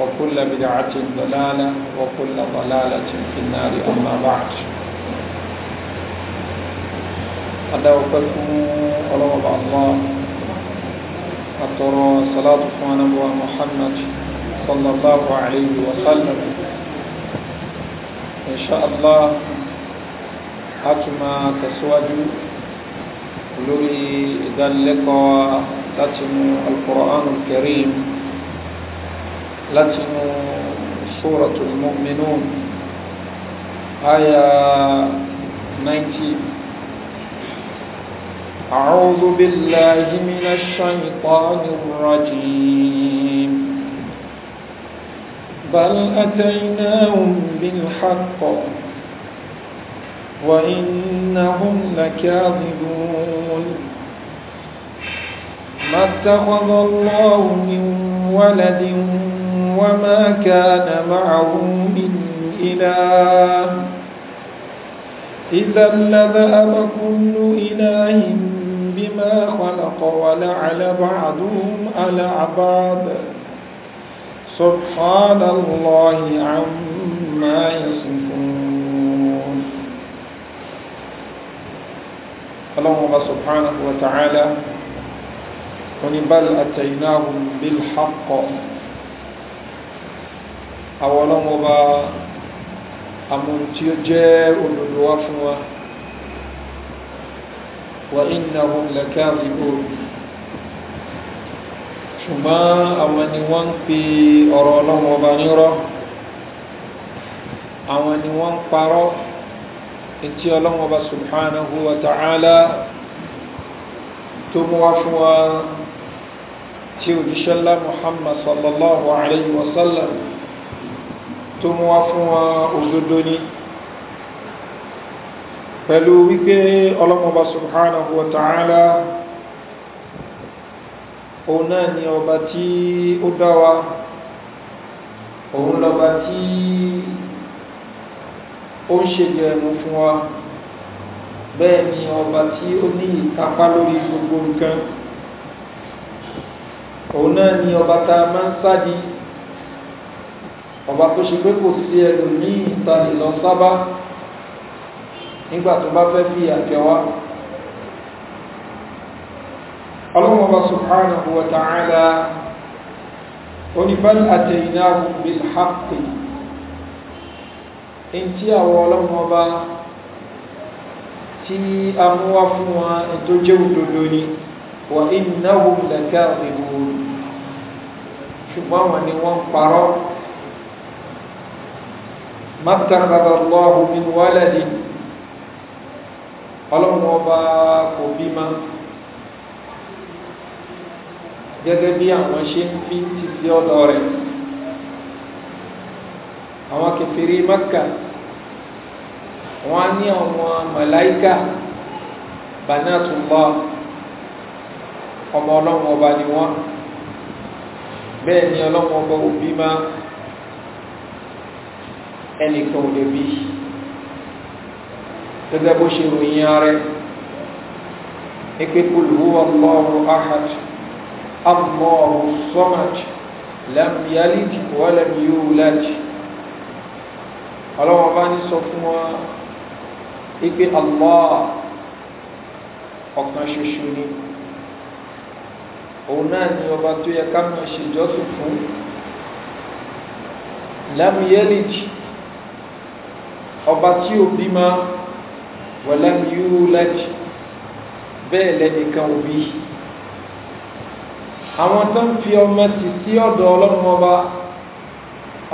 وكل بدعة ضلالة وكل ضلالة في النار أما بعد أدعوكم ورب الله أترى صلاة نبوة محمد صلى الله عليه وسلم إن شاء الله أتما تسود لوري ذلك تتم القرآن الكريم لكن سورة المؤمنون آية 19 أعوذ بالله من الشيطان الرجيم بل أتيناهم بالحق وإنهم لكاذبون ما اتخذ الله من ولد وما كان معه من إله إذا لذأب كل إله بما خلق ولعل بعضهم على بعض سبحان الله عما يصفون اللهم سبحانه وتعالى قل بل أتيناهم بالحق àwọn ọlọ́wọ́ bá amúhun tí ó jẹ́ òdòdó wá fún wa wà iná ohun lẹ́kẹ́ àbíbò ṣùgbọ́n àwọn ni wọ́n ń pe ọ̀rọ̀ ọlọ́wọ́ bá nírọ́ àwọn ni wọ́n ń parọ́ etí ọlọ́wọ́ subhanahu wa ta'ala tó mú wá fún wa tí òjíṣẹ́lá muhammad sallallahu alayhi wa sallam tó mú wá fún wọn òdodo ní pẹ̀lú wípé ọlọ́mọba subhanahu wa ta'ala òun náà ni ọba tí ó dá wa òun lọba tí ó ń ṣe jẹ̀mú fún wa bẹ́ẹ̀ ni ọba tí ó ní ìkápá lórí gbogbo nǹkan òun náà ni ọba tá máa ń sádi ọba tó ṣe pé kò sí ẹlòmíì ìtànìlọ sábà nígbà tó bá fẹ́ fi àjẹ wá ọlọ́mọba subhanahu wa ta'ala oníbal àtẹ̀yìnáwó bil haqqi in tí àwọn ọlọ́mọba tí a mú wá fún wa ètò jẹ́ òdodo ni wà innahum lakadhibun ṣùgbọ́n wọn ni wọ́n parọ́ ما اتخذ الله من ولد ọlọ́run ọba kò bímọ gẹ́gẹ́ bí àwọn ṣe ń fi ti sí ọ̀dọ̀ rẹ̀ àwọn kẹfìrí mẹ́kà wọ́n á ní àwọn màláíkà banatullah ọmọ ọlọ́run ni wọ́n bẹ́ẹ̀ ni ọlọ́run ọba ò ẹnìkan ò lè bí gẹ́gẹ́ bó ṣe ròyìn ààrẹ ipe kulhu allahu ahad allahu samad lam yalid wa lam yulad ọlọ́wọ́n bá ní sọ fún wa ipe allah ọ̀kan ṣoṣo ni òun náà ni ọba tó yẹ ká máa ṣèjọ́sìn fún lam ọba tí ò bímọ wọ̀lẹ́m yóò lẹ́jì bẹ́ẹ̀ lẹ́nìkan ò bí àwọn tó ń fi ọmọ tì sí ọ̀dọ̀ ọlọ́run ọba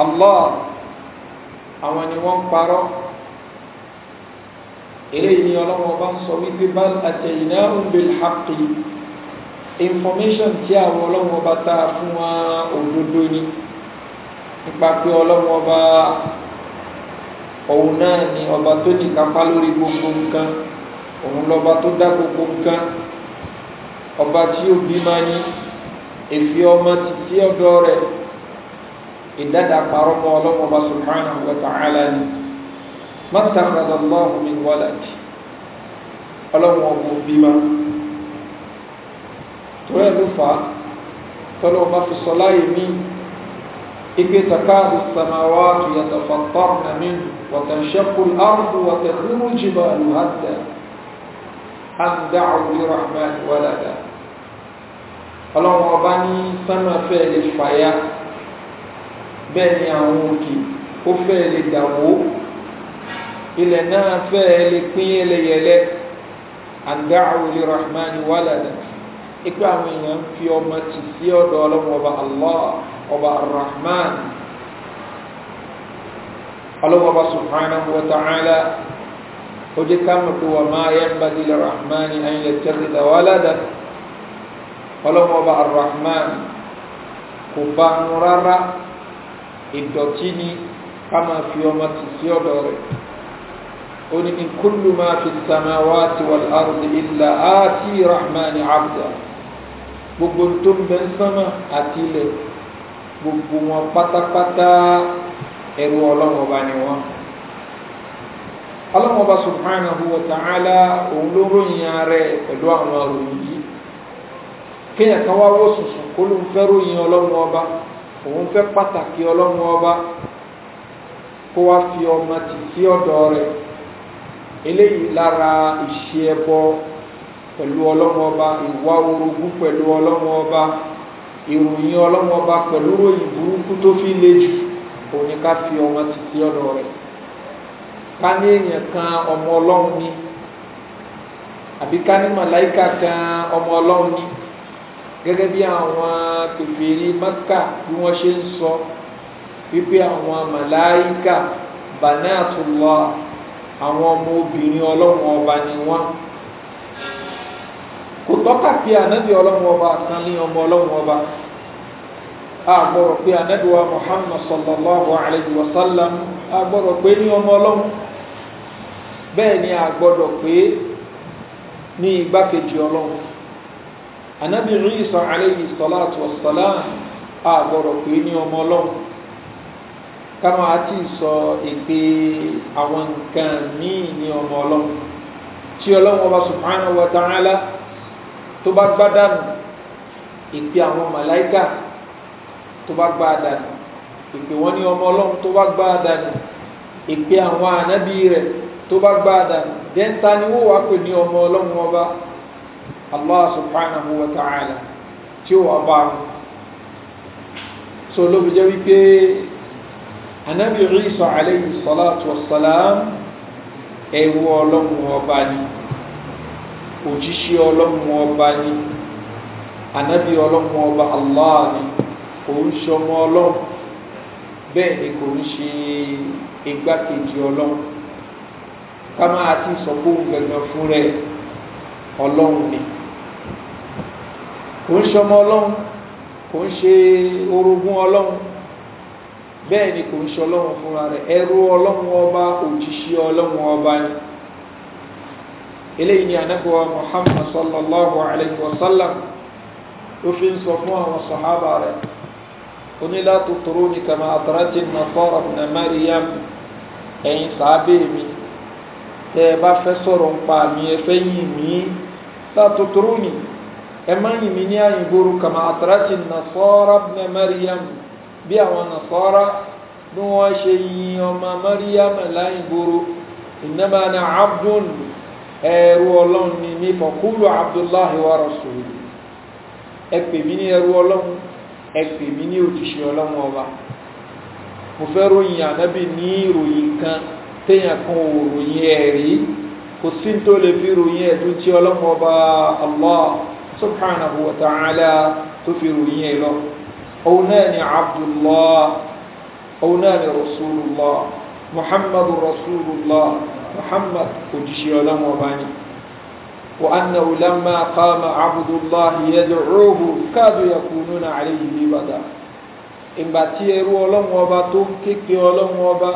allah àwọn ni wọ́n ń parọ́ eléyìí ni ọlọ́run ọba ń sọ wípé bá àtẹ̀yìnà ń bè information tí àwọn ọlọ́run ọba tá a fún wa òdodo ni nípa pé ọlọ́run ọba òun náà ni ọba tó ní kápá lórí gbogbo nǹkan òun lọba tó dá gbogbo nǹkan ọba tí ó bí máa ní èfi ọmọ títí ọdọ rẹ ìdádá parọ́ mọ́ ọlọ́mọ ọba subhanahu wa ta'ala ni mọ́tàkàdà lọ́hùn mi wàlàdì ọlọ́mọ ọba òbí máa torí ẹ̀ ló fà á tọ́lọ́ ọba fi sọ láyé míì إذ تكاد السماوات يتفطرن منه وتنشق الأرض وتخر الجبال هدا أن دعوا لرحمن ولدا ọlọ́run ọba ní sánmà fẹ́ẹ́ lè fàyà bẹ́ẹ̀ ni àwọn òkè ó fẹ́ẹ́ lè dàwó ilẹ̀ náà fẹ́ẹ́ lè pín yẹlẹyẹlẹ أن دعوا لرحمن ولدا ipe àwọn èèyàn ń fi ọmọ tì sí ọ̀dọ̀ ọlọ́run ọba allah ọba arrahman ọlọ́wọ́ba subhanahu wa ta'ala ó jẹ́ ká mọ̀ pé wà máa yẹ bá lílẹ̀ rahman an yattakhidha walada ọlọ́wọ́ba arrahman kò bá nu rárá ìdọ̀tí ni ká máa fi ọmọ tì sí ọ̀dọ̀ rẹ̀ ó ní in kullu ma fi samawati wal ardi illa ati rahman abda gbogbo tó ń bẹ sánmà àti ilẹ̀ gbogbo wọn pátápátá ẹrú ọlọ́wọ́n ọba ni wọn ọlọ́wọ́n ọba subhanahu wa ta'ala òun ló ròyìn ààrẹ pẹ̀lú àwọn òròyìn yìí kéèyàn kan wá wó sùsùn kó ló ń fẹ́ ròyìn ọlọ́wọ́n ọba òun fẹ́ pàtàkì ọlọ́wọ́n ọba kó wá fi ọmọ tì sí ọ̀dọ̀ rẹ̀ eléyìí lára ìṣe ẹbọ pẹ̀lú ọlọ́wọ́n ọba ìwà orogún pẹ̀lú ọlọ́wọ́n ọba. ìròyìn ọlọ́mọ ọba pẹ̀lú ròyìn burúkú tó fi le jù òun ni ká fi ọmọ títí ọ̀dọ̀ rẹ̀ ká ní èèyàn kan ọmọ ọlọ́run ni àbí ká ní ọmọ ọlọ́run gẹ́gẹ́ bí àwọn bí wọ́n ṣe ń sọ wípé àwọn màláìkà bànáàtúlọ́ àwọn ọmọ obìnrin ọlọ́run ọba kò tọ́ka pé ànábì ọlọ́run ọba kan ní ọmọ ọlọ́run ọba agbọ́rọ̀ pé ànábì wa muhammad sallallahu alayhi wa sallam agbọ́rọ̀ pé ní ọmọ ọlọ́run bẹ́ẹ̀ ni agbọ́dọ̀ pé ní igbákejì ọlọ́run ànábì ríṣà alayhi salatu wa salam agbọ́rọ̀ pé ní ọmọ ọlọ́run káwọn àti sọ èpè àwọn nǹkan míì ní ọmọ ọlọ́run tí ọlọ́run ọba subhanahu wa ta'ala tó bá gbá dànù ìpè àwọn màláìkà tó bá gbá dànù ìpè wọn ní ọmọ ọlọ́run tó bá gbá dànù ìpè àwọn ànábì rẹ̀ tó bá gbá dànù dẹ́ńtà ni wọ́n wá pè ní ọmọ ọlọ́run ọba allah subhanahu wa ta'ala tí ó wà bá wọn so ló fi jẹ́ wípé ànábì Isa alayhi salatu wassalam ẹ̀wọ̀ ọlọ́run ọba ni. òjíṣẹ́ ọlọ́run ọba ni ànábì ọlọ́run ọba allah ni kò ń ṣọmọ ọlọ́run bẹ́ẹ̀ ni kò ń ṣe igbákejì ká máa ti sọ pé òun gangan fún rẹ ọlọ́run ni kò ń ṣọmọ ọlọ́run kò ń ṣe orogún bẹ́ẹ̀ ni kò ń fúnra ọba òjíṣẹ́ ọba ni. eléyìí ni anabiwa muhammad sallallahu alayhi wa sallam ó fi ń sọ fún àwọn sàhábà rẹ̀ onílà tuntun ní kama àtàràtì nasara na mariam ẹ̀yin sàábé mi tẹ́ ẹ bá fẹ́ sọ̀rọ̀ nípa mi ẹ fẹ́ yìn mí la tuntun ní ẹ má yìn mí ní àyìnbóró kama àtàràtì nasara na mariam bí àwọn nasara bí wọ́n ṣe yin ọmọ mariam láyìnbóró ìnáma na abdul ẹ̀rù ọlọ́run ni mí mọ̀kúlù abdullahi wa rasuluhu ẹ pè mí ní ẹ̀rù ọlọ́run ẹ pè mí ní òjíṣẹ́ ọlọ́run ọba mo fẹ́ ròyìn ànábì ní ìròyìn kan téèyàn kan ò ròyìn ẹ̀ rí kò sí tó lè fi ròyìn ẹ̀dùn tí ọlọ́run ọba allah subhanahu wa ta'ala tó fi ròyìn ẹ̀ lọ òun náà ni abdullah òun náà ni rasulullah muhammadu rasulullah muhammad òjíṣẹ́ ọlọ́run ọba ni wa annahu lamma qama abdullahi yad'uhu kadu yakununa alayhi libada ìgbà tí ẹrú ọlọ́run ọba tó ń képe ọlọ́run ọba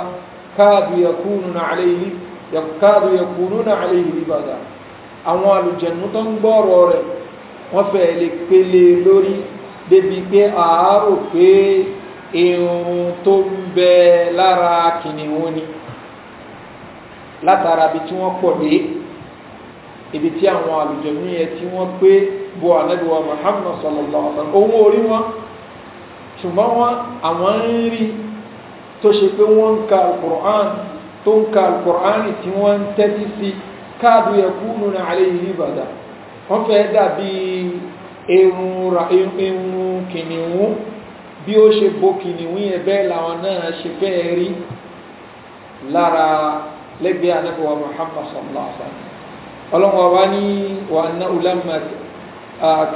kadu yakununa alayhi kadu yakununa alayhi libada àwọn àlùjẹ̀nú tó ń gbọ́rọ̀ rẹ̀ wọ́n fẹ́ lè pele lórí débi pé àárò pé irun tó ń bẹ lára kìnìún ni látara ibi tí wọ́n pọ̀ dé ibi tí àwọn àlùjọ̀nú yẹn tí wọ́n pé bo ànábì wa Muhammad sallallahu alaihi wa sallam owó orí wọn ṣùgbọ́n wọn àwọn ń rí tó ṣe pé wọ́n ń ka alukur'an tó ń ka alukur'an tí wọ́n ń tẹ́tí sí káàdù yakunu na alayhi ribada wọ́n fẹ́ dàbí irun kìnìún bí ó ṣe bo kìnìún yẹn bẹ́ẹ̀ làwọn náà ṣe fẹ́ rí lára lẹ́gbẹ̀ẹ́ anábọ̀wá muhammad sallallahu alaihi wa sallam ọlọ́run ọba ní wa anna ulama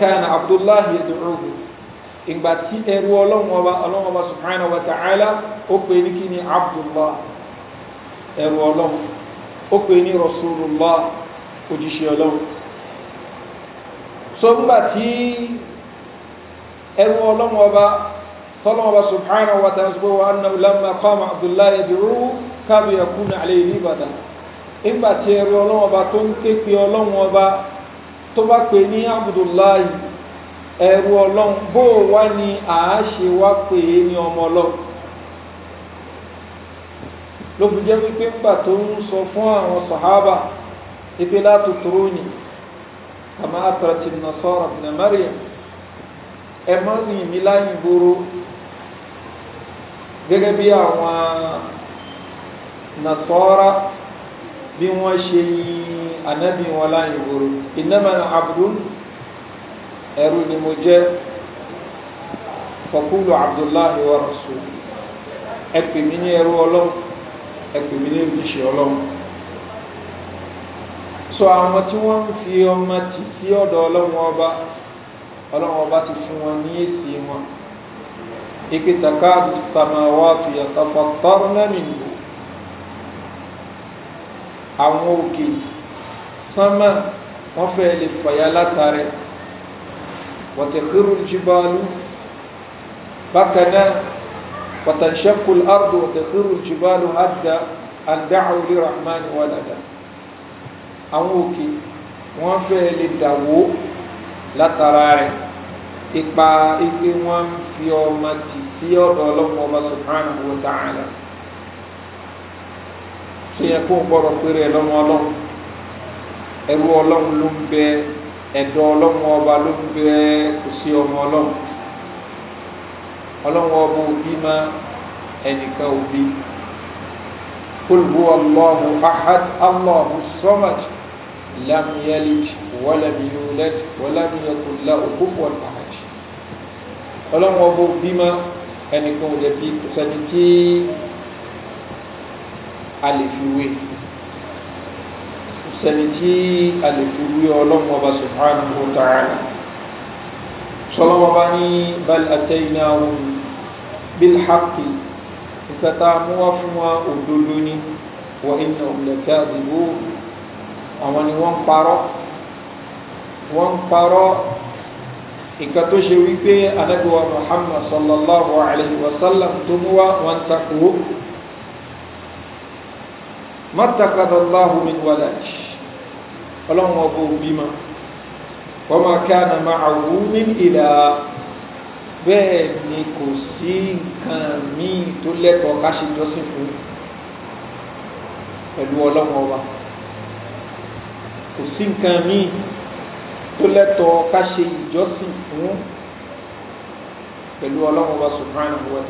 kan abdullahi yad'uhu ìgbà tí ẹrú ọlọ́run ọba ọlọ́run ọba subhanahu wa ta'ala ó pè ní kí ni abdullah ẹrú ọlọ́run ó pè ní rasulullah òjíṣẹ́ ọlọ́run so ńgbà tí ẹrú ọlọ́run ọba tọ́lọ́run ọba subhanahu wa ta'ala wa anna ulama qama abdullahi yad'uhu káàdù yakuna alayhi ribada ìgbà tí ẹrú ọlọ́wọ́n ọba tó ń ké pe ọlọ́wọ́n ọba tó bá pè ní abdullahi ẹrú ọlọ́run bó o wá ní àáṣe wá pè é ní ọmọ ọlọ́run ló fi jẹ́ wípé ńgbà tó ń sọ fún àwọn sàhábà ipe láti tóró ni àmọ́ àtàtì nasara ibn Maryam ẹ gẹ́gẹ́ bí àwọn nasọ́ra bí wọ́n ṣe yí anábì wọn láyé wòrò ìnáma abdul ẹrú ni mo jẹ́ fakulu abdullahi wa rasul ẹ pè mí ní ẹrú ọlọ́run ẹ pè mí ní ìbíṣẹ́ ọlọ́run sọ àwọn tí wọ́n ń fi ọmọ tì sí ọ̀dọ̀ ọlọ́run ọba ọlọ́run ọba ti fún wọn ní èsì wọn ìpìtàkà àbùsàmàwà fìyàtàfà tọrọ náà àwọn òkè sánmà wọ́n fẹ́ lè fàyà látàrí wàtẹ̀kírù jìbálù bákan náà wàtàṣẹ́kù àrùdù wàtẹ̀kírù jìbálù àdá àdáhùn lè rahman wàdàdà àwọn òkè wọ́n fẹ́ lè dàwó látara rẹ̀ ipa ike wọ́n fi ọmọ tì sí ọ̀dọ̀ ọlọ́pàá ọba subhanahu wa ta'ala tó yẹ kó gbọ́dọ̀ péré lọ́mọ ọlọ́run ẹrú ọlọ́run ló ń bẹ ẹ̀dọ́ ọlọ́run ọba ló ń bẹ kò sí ọmọ ọlọ́run ọlọ́run ọba òbí má ẹnìkan òbí olùbó allahu ahad allahu samad lam yalid walam yulad walam yakun lahu òbí má ẹnìkan òbí kò tí a lè fi wé sẹni tí a lè fi wé ọlọ́run ọba subhanahu wa ta'ala sọlọ́wọ́ bá ní bal ataynahum bil haqqi nǹkan tá a mú wá fún wa òdodo ni wa innahum lakadhibun àwọn ni wọ́n parọ́ wọ́n parọ́ ìka tó ṣe wípé anábíwá muhammad sallallahu alayhi wa sallam tó mú wá wọ́n takò mọ́tàkàdọ̀láhù min wàlájì ọlọ́run ọgbọ̀ bímọ wọ́n máa ká na máa wú ní ìlà bẹ́ẹ̀ ni kò sí nǹkan míì tó lẹ́tọ̀ọ́ ká ṣe fún pẹ̀lú ọlọ́run ọba kò sí nǹkan míì tó lẹ́tọ̀ọ́ ká ṣe fún pẹ̀lú ọlọ́run ọba subhanahu wa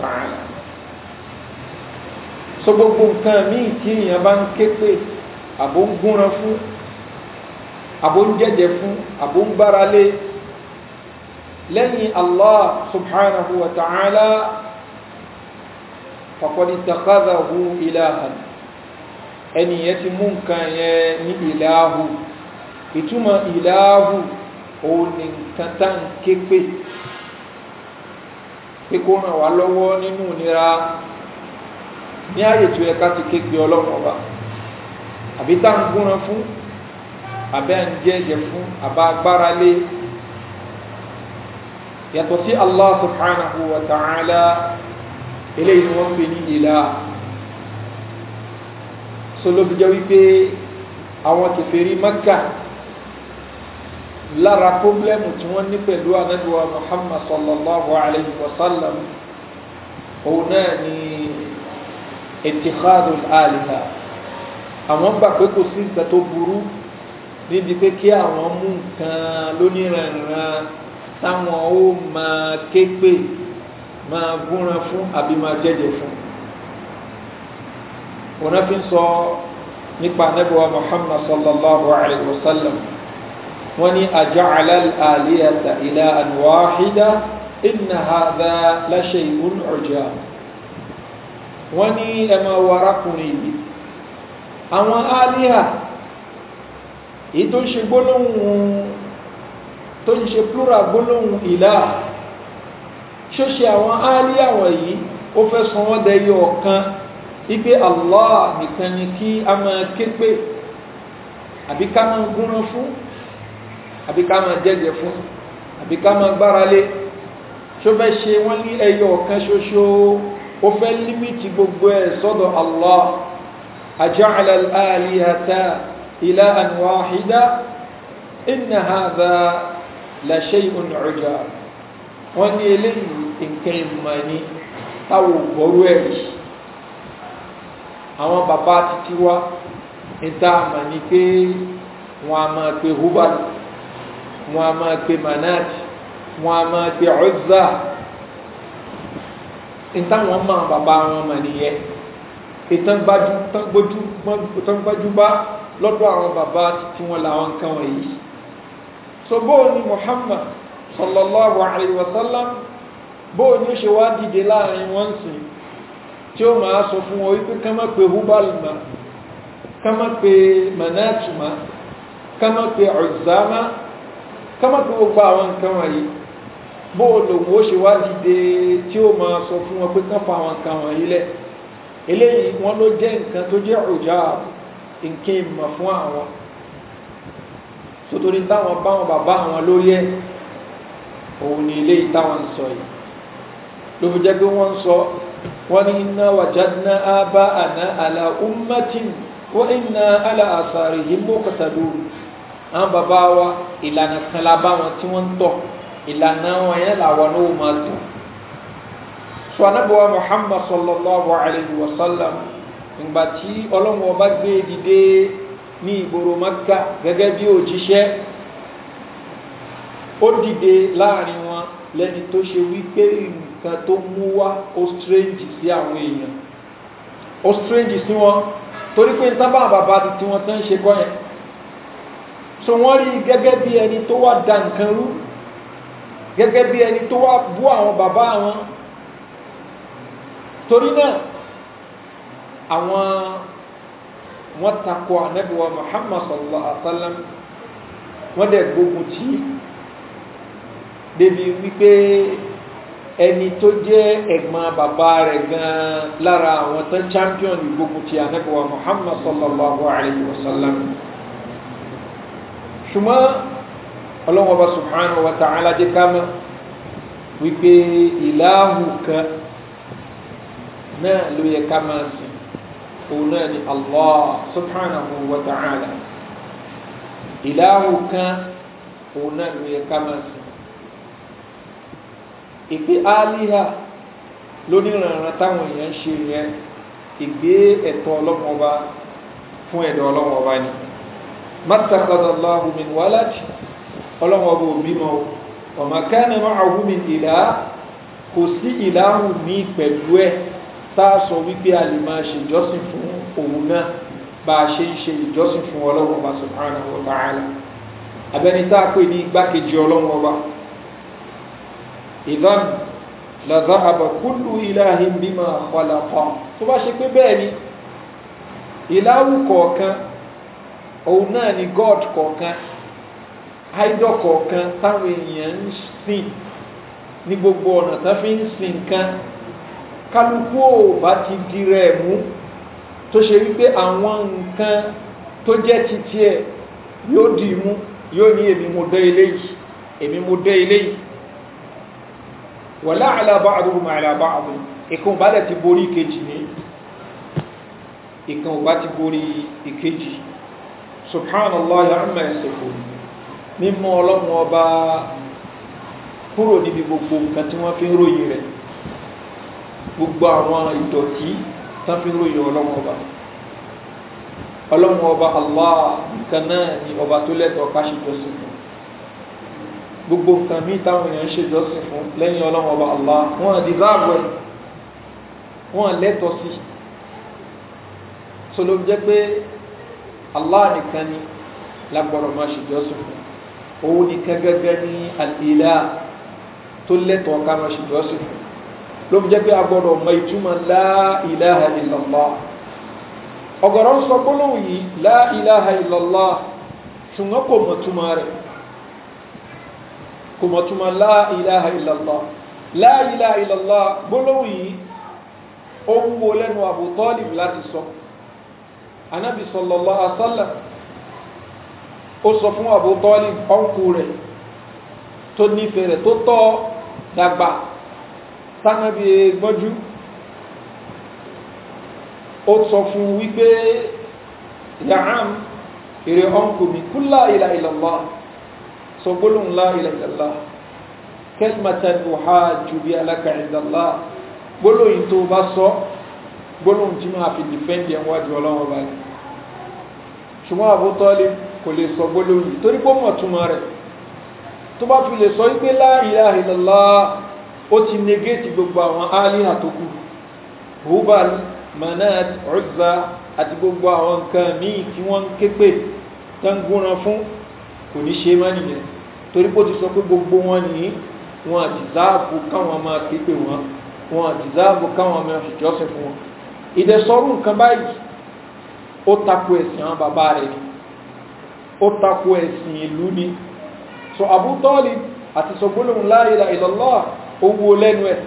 so gbogbo nǹkan míì tí èèyàn bá ń ké pé àbò ń gúnran fún àbò ń jẹ́jẹ́ fún àbò ń gbára lé lẹ́yìn allah subhanahu wa ta'ala fàkọ́dí takádàhù ìlàhàn ẹniyẹ ti mú nǹkan yẹ ní ìlàhù ìtumọ̀ ìlàhù òun ni nǹkan tá ń ké pé pé ràn wá lọ́wọ́ nínú ìnira ní ààyè tó yẹ ká ti képe ọlọ́run ọba àbí tá ń gúnran fún àbẹ́ ń jẹ́jẹ fún àbá agbára lé yàtọ̀ sí Allah subhanahu wa ta'ala eléyìí ni wọ́n pè ní ìlà sọlọ́bí jẹ́ wípé àwọn kèfèrí Mẹ́kà lára pọ́blẹ́mù tí wọ́n ní pẹ̀lú anábíwá Muhammad sallallahu alayhi wa sallam òun náà ni etikhadu aliha àwọn gbà pé kò sí nǹkan tó burú níbi pé kí àwọn mú nǹkan lóníranran táwọn ó máa ké pè máa gúnran fún àbí máa jẹ́jẹ́ fún òun fi ń sọ nípa anábíwá muhammad sallallahu alayhi wa sallam wọ́n ní aja'ala al-alihata ilahan wahida inna hadha la shay'un 'ujab wọ́n ní ẹmọ warakùnrin yìí àwọn aliha èyí tó ń ṣe gbólóhùn tó ń ṣe plural gbólóhùn ìlà ṣíṣe àwọn aliha wọ̀nyí ó fẹ́ san wọ́n dẹyọ ọ̀kan ipe allah nìkan ni kí a máa ké pé àbí ká máa gúnran fún àbí ká máa jẹ́jẹ́ fún àbí ká máa gbára lé ṣó fẹ́ ṣe wọ́n ní ẹyọ ọ̀kan ṣoṣo ó fẹ́ límítì gbogbo ẹ̀ sọ́dọ̀ allah aja'ala al-alihata ilahan wahida inna hadha la shay'un ujab wọ́n ní eléyìí nǹkan ìmọ̀ ni táwọn ògbọ́rú ẹ̀ rí ìtàwọn máa bàbá wọn mà nìyẹn ìtàn gbajúgbà lọ́dọ̀ àwọn bàbá tí wọ́n làwọn nǹkan wọ̀nyí so bóò Muhammad sallallahu alayhi wa sallam bóò ni ó ṣe wá dìde láàrin wọn sìn tí ó máa sọ fún wọn wípé ká má pe hubalma ká má pe manatuma ká pe ọ̀zámá ká pe gbogbo àwọn nǹkan wọ̀nyí bóòlù wo ṣe wá dìde tí ó máa sọ fún wọn pé kán fa àwọn nǹkan wọ̀nyí lẹ̀ eléyìí wọn ló jẹ́ nǹkan tó jẹ́ òjá nǹkan ìmọ̀ fún àwọn sotori táwọn báwọn bàbá àwọn lórí ẹ̀ òun ni eléyìí táwọn ń sọ yìí ló fi jẹ́ pé wọ́n ń sọ wọ́n ní iná wàjádná ábá àná àlà ummatin wọ́n iná àlà àsàrè yìí mọ́kàtàlú àwọn bàbá wa ìlànà kan la bá tí wọ́n ń tọ̀ ìlànà wọn yẹn làwọn náà ó máa tẹ̀. sọ anábọ̀wá muhammad sallallahu alayhi wa sallam ìgbà tí ọlọ́run ọba gbé dìde ní ìgboro maka gẹ́gẹ́ bí òjíṣẹ́ ó dìde láàrin wọn lẹ́ni tó ṣe wípé nǹkan tó mú wá ó strange sí àwọn èèyàn ó strange sí wọn torí pé tábà bàbá ti tí wọn tán ṣe kọ́ yẹn so wọ́n rí gẹ́gẹ́ bí ẹni tó wà dá nǹkan rú gẹ́gẹ́ bí ẹni tó wá bú àwọn bàbá wọn torí náà àwọn wọ́n takò ànábìwá muhammad sallallahu alaihi wa sallam wọ́n dẹ̀ gbógun tí débi wípé ẹni tó jẹ́ ẹ̀gbọ́n bàbá rẹ̀ gan lára àwọn tán champion ìgbógun tí ànábìwá muhammad sallallahu alaihi wa sallam ṣùgbọ́n ọlọ́wọ́n bá subhanahu wa ta'ala jẹ́ ká mọ̀ wípé ìlàhù kan náà ló yẹ ká máa sìn òun náà ni allah subhanahu wa ta'ala ìlàhù kan òun náà ló yẹ ká máa ìpè aliha lóníranran táwọn èèyàn ṣe yẹn ìgbé ẹ̀tọ́ ọlọ́mọba fún ẹ̀dọ̀ ọlọ́mọba ni mátàkàdà allahu ọlọ́wọ́ bó mímọ́ ọmọ kẹ́ni ma'ahu min ìlà kò sí ìlàhùn ní pẹ̀lú ẹ̀ tá a sọ wípé a lè máa ṣe ìjọsìn fún òun náà bá a ṣe ń ṣe ìjọsìn fún ọlọ́wọ́ bá subhanahu wa ta'ala abẹni tá a pè ní igbákejì ọlọ́wọ́ bá ìdán lọ́dọ̀ àbọ̀kúlù òun náà ni god kọ̀ọ̀kan idol kọ̀ọ̀kan táwọn èèyàn ń sìn ní gbogbo ọ̀nà tán fi ń sìn nǹkan kálukú ò bá ti di rẹ̀ mú tó ṣe wípé àwọn nǹkan tó jẹ́ titi ẹ̀ yóò dì í mú yóò ní èmi mo dé eléyìí èmi mo dé eléyìí wala ala ba'dihim ala ba'd ìkan bá dẹ̀ ti borí ìkejì ní ìkan bá ti borí ìkejì subhanallah ya'amma yasifun mímú ọlọ́run ọba kúrò níbi gbogbo nǹkan tí wọ́n fi ń ròyìn rẹ̀ gbogbo àwọn ìdọ̀tí tán fi ń ròyìn ọlọ́run ọba ọlọ́run ọba allah nǹkan náà ni ọba tó lẹ́tọ̀ọ́ káṣíjọ sí fún gbogbo nǹkan míì táwọn èèyàn ṣèjọ sí fún lẹ́yìn ọlọ́run ọba allah wọ́n dìzáàbù ẹ̀ wọ́n lẹ́tọ̀ọ́ sí so ló jẹ́ pé allah nìkan ni lágbọ́dọ̀ máa ṣèjọ sí fún òun nìkan gẹ́gẹ́ ní àlìlá tó lẹ́tọ̀ọ́ ká máa ṣèjọ́sìn fún ló fi jẹ́ pé a gbọ́dọ̀ mọ ìtumọ̀ la ilaha illallah ọ̀gọ̀rọ̀ ń sọ gbólóhùn yìí la ilaha illallah ṣùgbọ́n kò mọ̀ túmọ̀ rẹ̀ kò mọ̀ túmọ̀ la ilaha illallah la ilaha illallah yìí ó ń wo lẹ́nu Abu láti sọ anábì sallallahu alaihi ó sọ fún Abu Talib ọ̀nkù rẹ̀ tó nífẹ̀ẹ́ rẹ̀ tó tọ́ dàgbà tánàbí gbọ́jú ó sọ fún wípé ya'am èrè ọ̀nkù mi kú la ilaha illallah sọ gbólóhùn la ilaha illallah kalimatan uhajju bi alaka indallah gbólóhùn tó bá sọ gbólóhùn tí máa fi dìfẹ́ǹdì ẹ̀wọ́n àjọ ọlọ́wọ́ báyìí ṣùgbọ́n Abu kò lè sọ gbólóhùn yìí torí pé mọ̀ túmọ̀ rẹ̀ tó bá fi lè sọ wípé la ilaha illallah ó ti negate gbogbo àwọn aliha tó kù hubal manat uzza àti gbogbo àwọn nǹkan míì tí wọ́n ń ké pè tó ń gúnran fún kò ní ṣe má torí pé ti sọ pé gbogbo wọn ní wọn àti záàbù káwọn máa ké pè wọn wọn àti záàbù káwọn máa fi jọ́sìn fún wọn ìdẹ̀sọ́rù nǹkan báyìí ó tako ẹ̀sìn àwọn bàbá rẹ̀ ni ó tako ẹ̀sìn ìlú ni so Abu Talib àti sọgbólóhùn la ilaha illallah owó lẹ́nu ẹ̀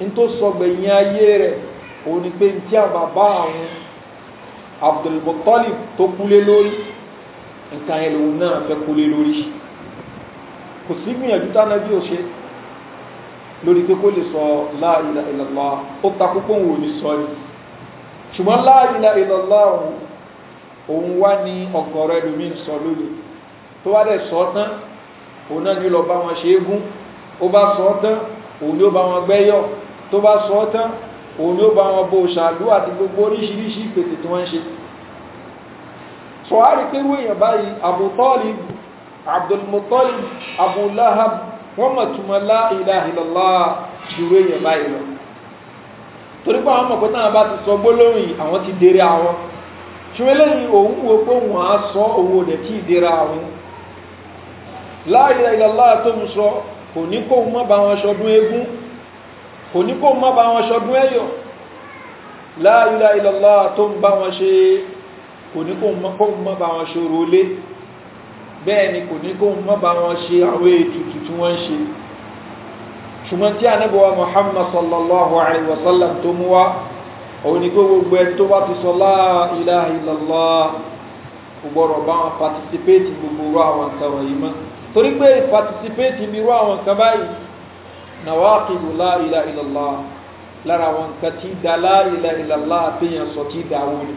ní tó sọgbẹ̀yìn ayé rẹ̀ òun ni pé tí àwọn bàbá àwọn Abdul Muttalib tó kúlé lórí nǹkan ẹ̀ lòun náà fẹ́ kúlé lórí kò sí gbìyànjú tánà bí ó ṣe lórí pé kó lè sọ la ilaha illallah ó takú kóhùn òní sọ ṣùgbọ́n la ilaha òun wá ní ọ̀gọ̀rọ̀ ẹlòmíì sọ lóye tó wá dẹ̀ sọ tán òun náà ní lọ bá wọn ṣe é gún ó bá sọ tán òun ló bá wọn gbẹ́yọ̀ tó bá sọ tán òun ló bá wọn bo ṣàdú àti gbogbo oríṣiríṣi ìpètè tí wọ́n ń ṣe sọ á rí pé báyìí àbútọ́ọ̀lì abdulmutọ́lì abúláhàb wọ́n mọ̀ túnmọ̀ ṣùgbọ́n lẹ́yìn òun wo pé wọ́n á sọ owó rẹ̀ tí ìdíra àwọn láàrin ìlàlá tó ń sọ kò ní kó mọ́ bá wọn ṣọdún eégún kò ní kó mọ́ bá wọn ṣọdún ẹ̀yọ̀ láàrin ìlàlá tó ń bá wọn ṣe kò ní kó mọ́ bá wọn ṣe rólé bẹ́ẹ̀ ni kò ní kó mọ́ bá wọn ṣe àwọn ètùtù tí wọ́n ṣe ṣùgbọ́n tí anábọ̀wá muhammad sallallahu alaihi wasallam tó mú wá òun ni pé gbogbo ẹni tó bá ti sọ láà ilá ìlàlá kò gbọ́dọ̀ bá wọn patisipéètì gbogbo irú àwọn nǹkan wọ̀nyí mọ́ torí pé patisipéètì bí irú àwọn nǹkan báyìí nàwa kìlú láà ilá ìlàlá lára àwọn nǹkan tí da láà ilá ìlàlá sọ tí da wọlé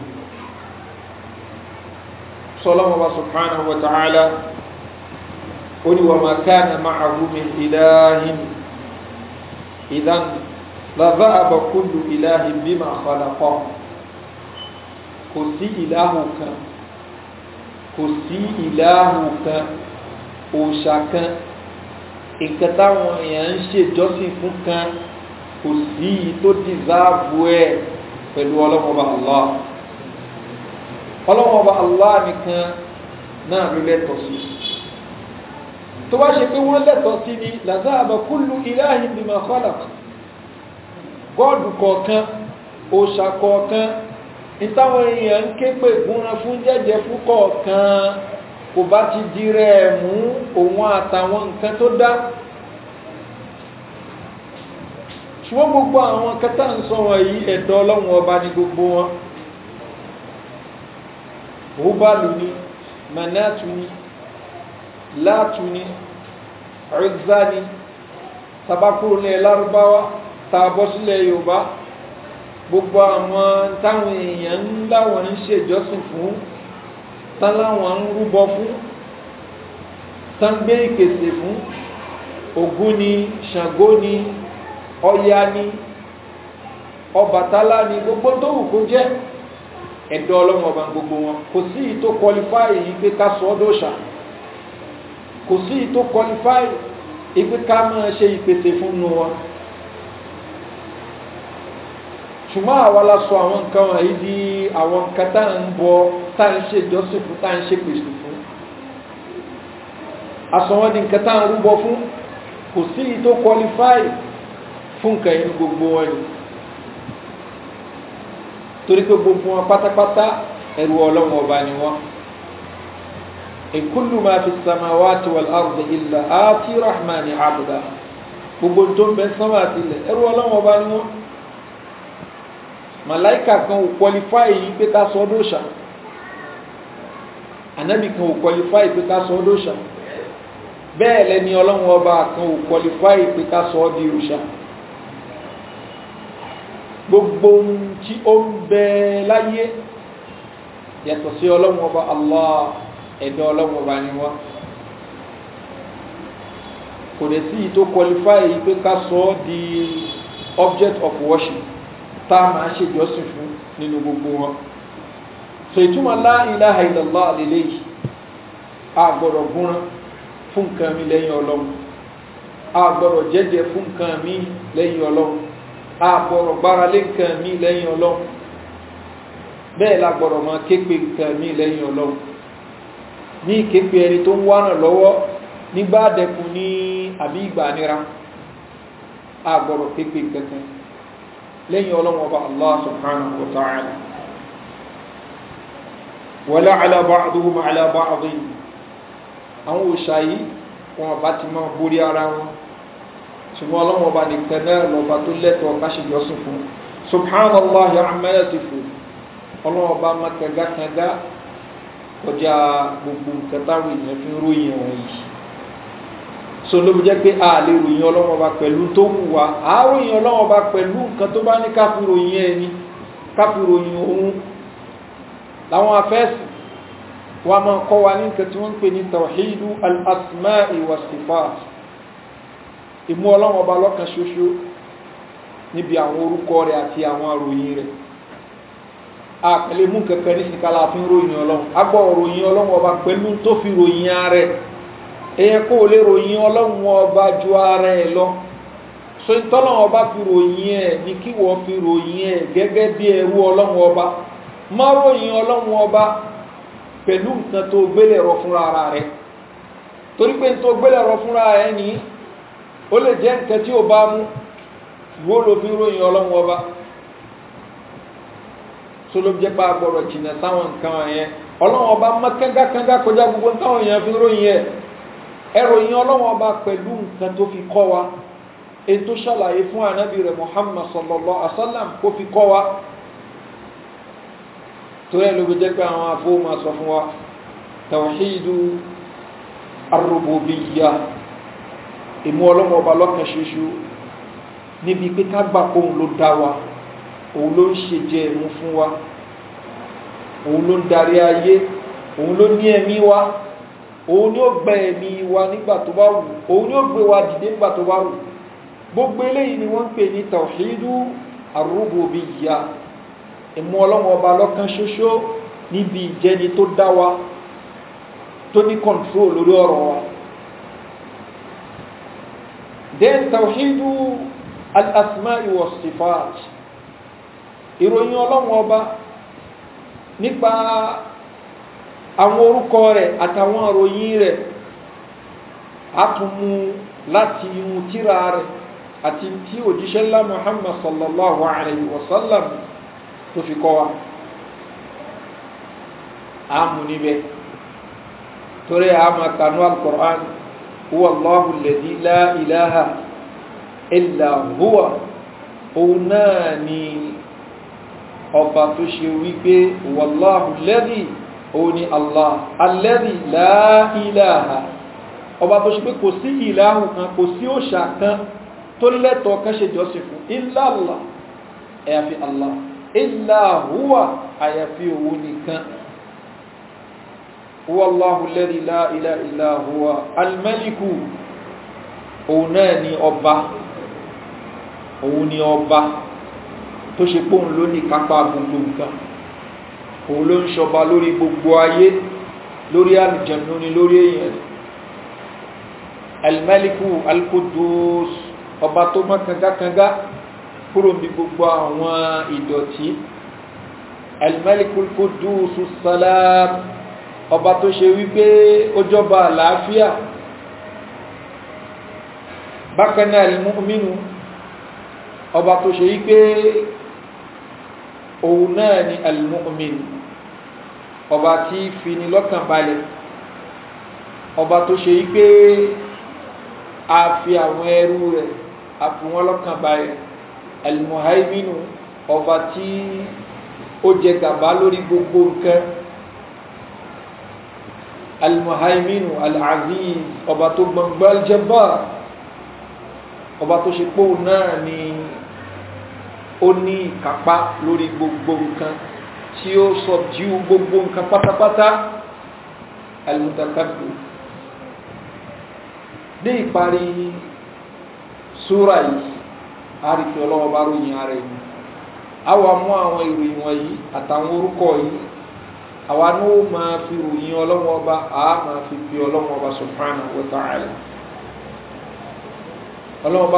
sọlọ́mọ bá subhanahu wa ta'ala ó ní wàmà kánà máa rúmi ìdáhìn ìdáhìn bàbá àbàkúlù ìlàhì bímọ àkọlàkọ kò sí ìlàhùn kan kò sí ìlàhùn kan òòṣà kan nǹkan táwọn èèyàn ń ṣèjọ́sìn fún kan kò sí i tó dìzáàbù ẹ̀ pẹ̀lú ọlọ́mọba allah ọlọ́mọba allah nìkan náà ló lẹ́tọ̀ọ́ sí tó bá ṣe pé wọ́n lẹ́tọ̀ọ́ sí ni làzáàbà kúlù ìlàhì bímọ àkọlàkọ gọ́ọ̀dù kọ̀ọ̀kan òòṣà kọ̀ọ̀kan ìtàwọn èèyàn ń ké pè gúnran fún jẹ́jẹ́ fún kọ̀ọ̀kan kò bá ti di rẹ̀ mú òun àtàwọn nǹkan tó dá ṣùgbọ́n gbogbo àwọn kẹta ń sọ wọn yìí ẹ̀dọ́ ọlọ́run ọba ní gbogbo wọn hubalu ni manatu ni látu ni rizza tabakuru ni lárúbáwá tààbọ̀ sílẹ̀ yorùbá gbogbo àwọn táwọn èèyàn láwọn ń ṣèjọsìn fún táláwọn ń rúbọ fún tángbé ìpèsè fún ògún ni ṣàngó ni ọya ni ọbàtálá ni gbogbo tó wù kó jẹ́ ẹ̀dọ́ ọlọ́run ọba gbogbo wọn kò sí ìtò kọlifáì yìí pé ká sọ ọ́ dòṣà kò sí ìtò kọlifáì yìí pé ká máa ṣe ìpèsè fún nu wọn ṣùgbọ́n àwa la sọ àwọn nǹkan wọ̀nyí di àwọn nǹkan tá à ń bọ tá à ń ṣe ìjọsìn fún tá à ń ṣe pèsè fún àsọ̀wọ́n di nǹkan tá à ń rúbọ fún kò sí i tó qualify fún nǹkan yìí gbogbo wọn ni torí pé gbogbo wọn pátápátá ẹrù ọlọ́run ọba ni wọn ìkúlù máa fi samawati wal ardi illa àti rahmani abda gbogbo tó ń bẹ sánmà àti ilẹ̀ ẹrù ọlọ́run ọba ni wọn màláìkà kan ò qualify yìí pé ká sọ ọdún òṣà kan ò qualify pé ká sọ ọdún òṣà bẹ́ẹ̀ lẹ́ni ọlọ́run ọba kan ò qualify pé ká sọ ọ́ di òṣà gbogbo ohun tí ó ń bẹ láyé yàtọ̀ sí ọlọ́run ọba Allah ẹ̀dọ́ ọlọ́run ọba ni wá kò dẹ̀ sí ìtó qualify pé ká sọ ọ́ di object of worship tá a máa ṣe ìjọsìn fún nínú gbogbo wọn so ìtumọ̀ la ilaha illallah àlélẹ́yìí a gbọ́dọ̀ gúnran fún nǹkan mi lẹ́yìn ọlọ́run a gbọ́dọ̀ jẹ́jẹ́ fún nǹkan mi lẹ́yìn ọlọ́run a gbára lé nǹkan mi lẹ́yìn ọlọ́run bẹ́ẹ̀ la gbọ́dọ̀ máa képe nǹkan mi lẹ́yìn ọlọ́run ní ìképe ẹni tó ń wánà lọ́wọ́ nígbà dẹkùn ní àbí ìgbà nira a gbọ́dọ̀ képe nǹkan kan lẹ́yìn ọlọ́wọ́ bá Allah subhanahu wa ta'ala wala ala ba'dihim ala ba'dih àwọn òṣà yìí wọn bá ti máa borí ara wọn ṣùgbọ́n ọlọ́wọ́ bá nìkan náà lọ́ba tó lẹ́tọ̀ọ́ ká ṣe jọ́sìn fún subhanallah amma yasifun ọlọ́wọ́ bá so ló fi jẹ́ pé a lè ròyìn ọlọ́wọ́ bá pẹ̀lú tó wù wá a ròyìn ọlọ́wọ́ bá pẹ̀lú nǹkan tó bá ní káfíròyìn ẹni káfíròyìn ohun láwọn afẹ́sì wa máa kọ́ wa ní nǹkan tí wọ́n ń pè ní tawhidu al-asma'i wa ìmú ọlọ́wọ́ bá lọ́kan ṣoṣo níbi àwọn orúkọ rẹ̀ àti àwọn àròyìn rẹ̀ a pẹ̀lú mú kankan ní sikala fi ròyìn ọlọ́wọ́ agbọ́ ròyìn ọlọ́wọ́ bá pẹ̀lú tó fi ròyìn ara rẹ̀ èèyàn kó o lè ròyìn ọlọ́run ọba ju ara ẹ lọ so tọ́lọ́run ọba fi ròyìn ẹ ní kí wọ́n fi ròyìn ẹ gẹ́gẹ́ bí ẹrú ọlọ́run ọba má ròyìn ọlọ́run ọba pẹ̀lú nǹkan tó gbélé ẹ̀rọ fúnra ara rẹ torí pé tó gbélé ẹ̀rọ fúnra ẹ ní ó lè jẹ́ nǹkan tí ò bá mú wo ló fi ròyìn ọlọ́run ọba so ló jẹ́ pé a gbọ́dọ̀ jìnnà sáwọn nǹkan yẹn ọlọ́run ọba mọ́ kángákángá kọjá gbogbo táwọn èèyàn fi ròyìn ẹ̀ ẹròyìn ọlọ́wọ́n ọba pẹ̀lú nǹkan tó fi kọ́ wa èyí tó ṣàlàyé fún ànábì rẹ̀ muhammad sallallahu alaihi wa sallam kó fi kọ́ wa torí ẹ̀ ló fi jẹ́ pé àwọn afọ́ọ́mà sọ fún wa tawhidu arububiya ìmú ọlọ́wọ́n ọba lọ́kàn ṣoṣo níbi pé ká gbà pé òun ló dá wa òun ló ń ṣe jẹ ìmú fún wa òun ló ń darí ayé òun ló ní ẹ̀mí wa òun ni ó gbẹ ẹ̀mí wa nígbà tó bá wù òun ni ó gbé wa dìde nígbà tó bá wù gbogbo eléyìí ni wọ́n ń pè ní tawhidu arububiyya ìmú ọlọ́run ọba lọ́kàn ṣoṣo níbi ìjẹni tó dá wa tó ní control lórí ọ̀rọ̀ wa then tawhidu al-asma'i wa sifat ìròyìn ọlọ́run ọba nípa àwọn orúkọ rẹ̀ àtàwọn àròyìn rẹ̀ átùmú láti inú tíra rẹ̀ àti tí òjíṣẹ́ ńlá muhammad sallallahu alayhi wa sallam tó fi kọ́ wa àmú níbẹ̀ torí àmà kanú alkur'an huwa allahu lèdí láìláha ilà huwa òun náà ni ọba tó ṣe wípé wàláhùn lẹ́dí òun ni Allah alladhi la ilaha ọba tó ṣe pé kò sí ìlàhùn kan kò sí òṣà kan tó lẹ́tọ̀ọ́ kan ṣe jọ́sìn fún illa Allah àyàfi Allah illa huwa àyàfi òun nìkan huwa Allahu alladhi la ilaha illa òun ló ń ṣọba lórí gbogbo ayé lórí àlùjẹ̀nú ni lórí èèyàn alimẹ́líkù alkudus ọba tó mọ́ kangakanga kúrò bí gbogbo àwọn ìdọ̀tí alimẹ́líkù alkudus salam ọba tó ṣe wípé ó jọba àlàáfíà bákaná alimúmínú ọba tó ṣe wípé òun náà ni alimúmínú ọba tí fini lọ́kàn balẹ̀ ọba tó ṣe yí pé a fi àwọn ẹrú rẹ̀ a fi wọ́n lọ́kàn balẹ̀ alimuhaiminu ọba tí ó jẹ gàba lórí gbogbo nǹkan alimuhaiminu alaziz ọba tó gbọngbọ aljẹba ọba tó ṣe pé náà ni ó ní ìkápá lórí gbogbo nǹkan tí ó subdue gbogbo nǹkan pátápátá alimutakadu ní ìparí súra yìí àríkì ọlọ́wọ́ bá ròyìn ara ẹni àwa mú àwọn ìròyìn wọ̀nyí àtàwọn orúkọ yìí àwa ní ó máa fi ròyìn ọlọ́wọ́ a máa fi bí ọlọ́wọ́ ọba subhanahu wa ta'ala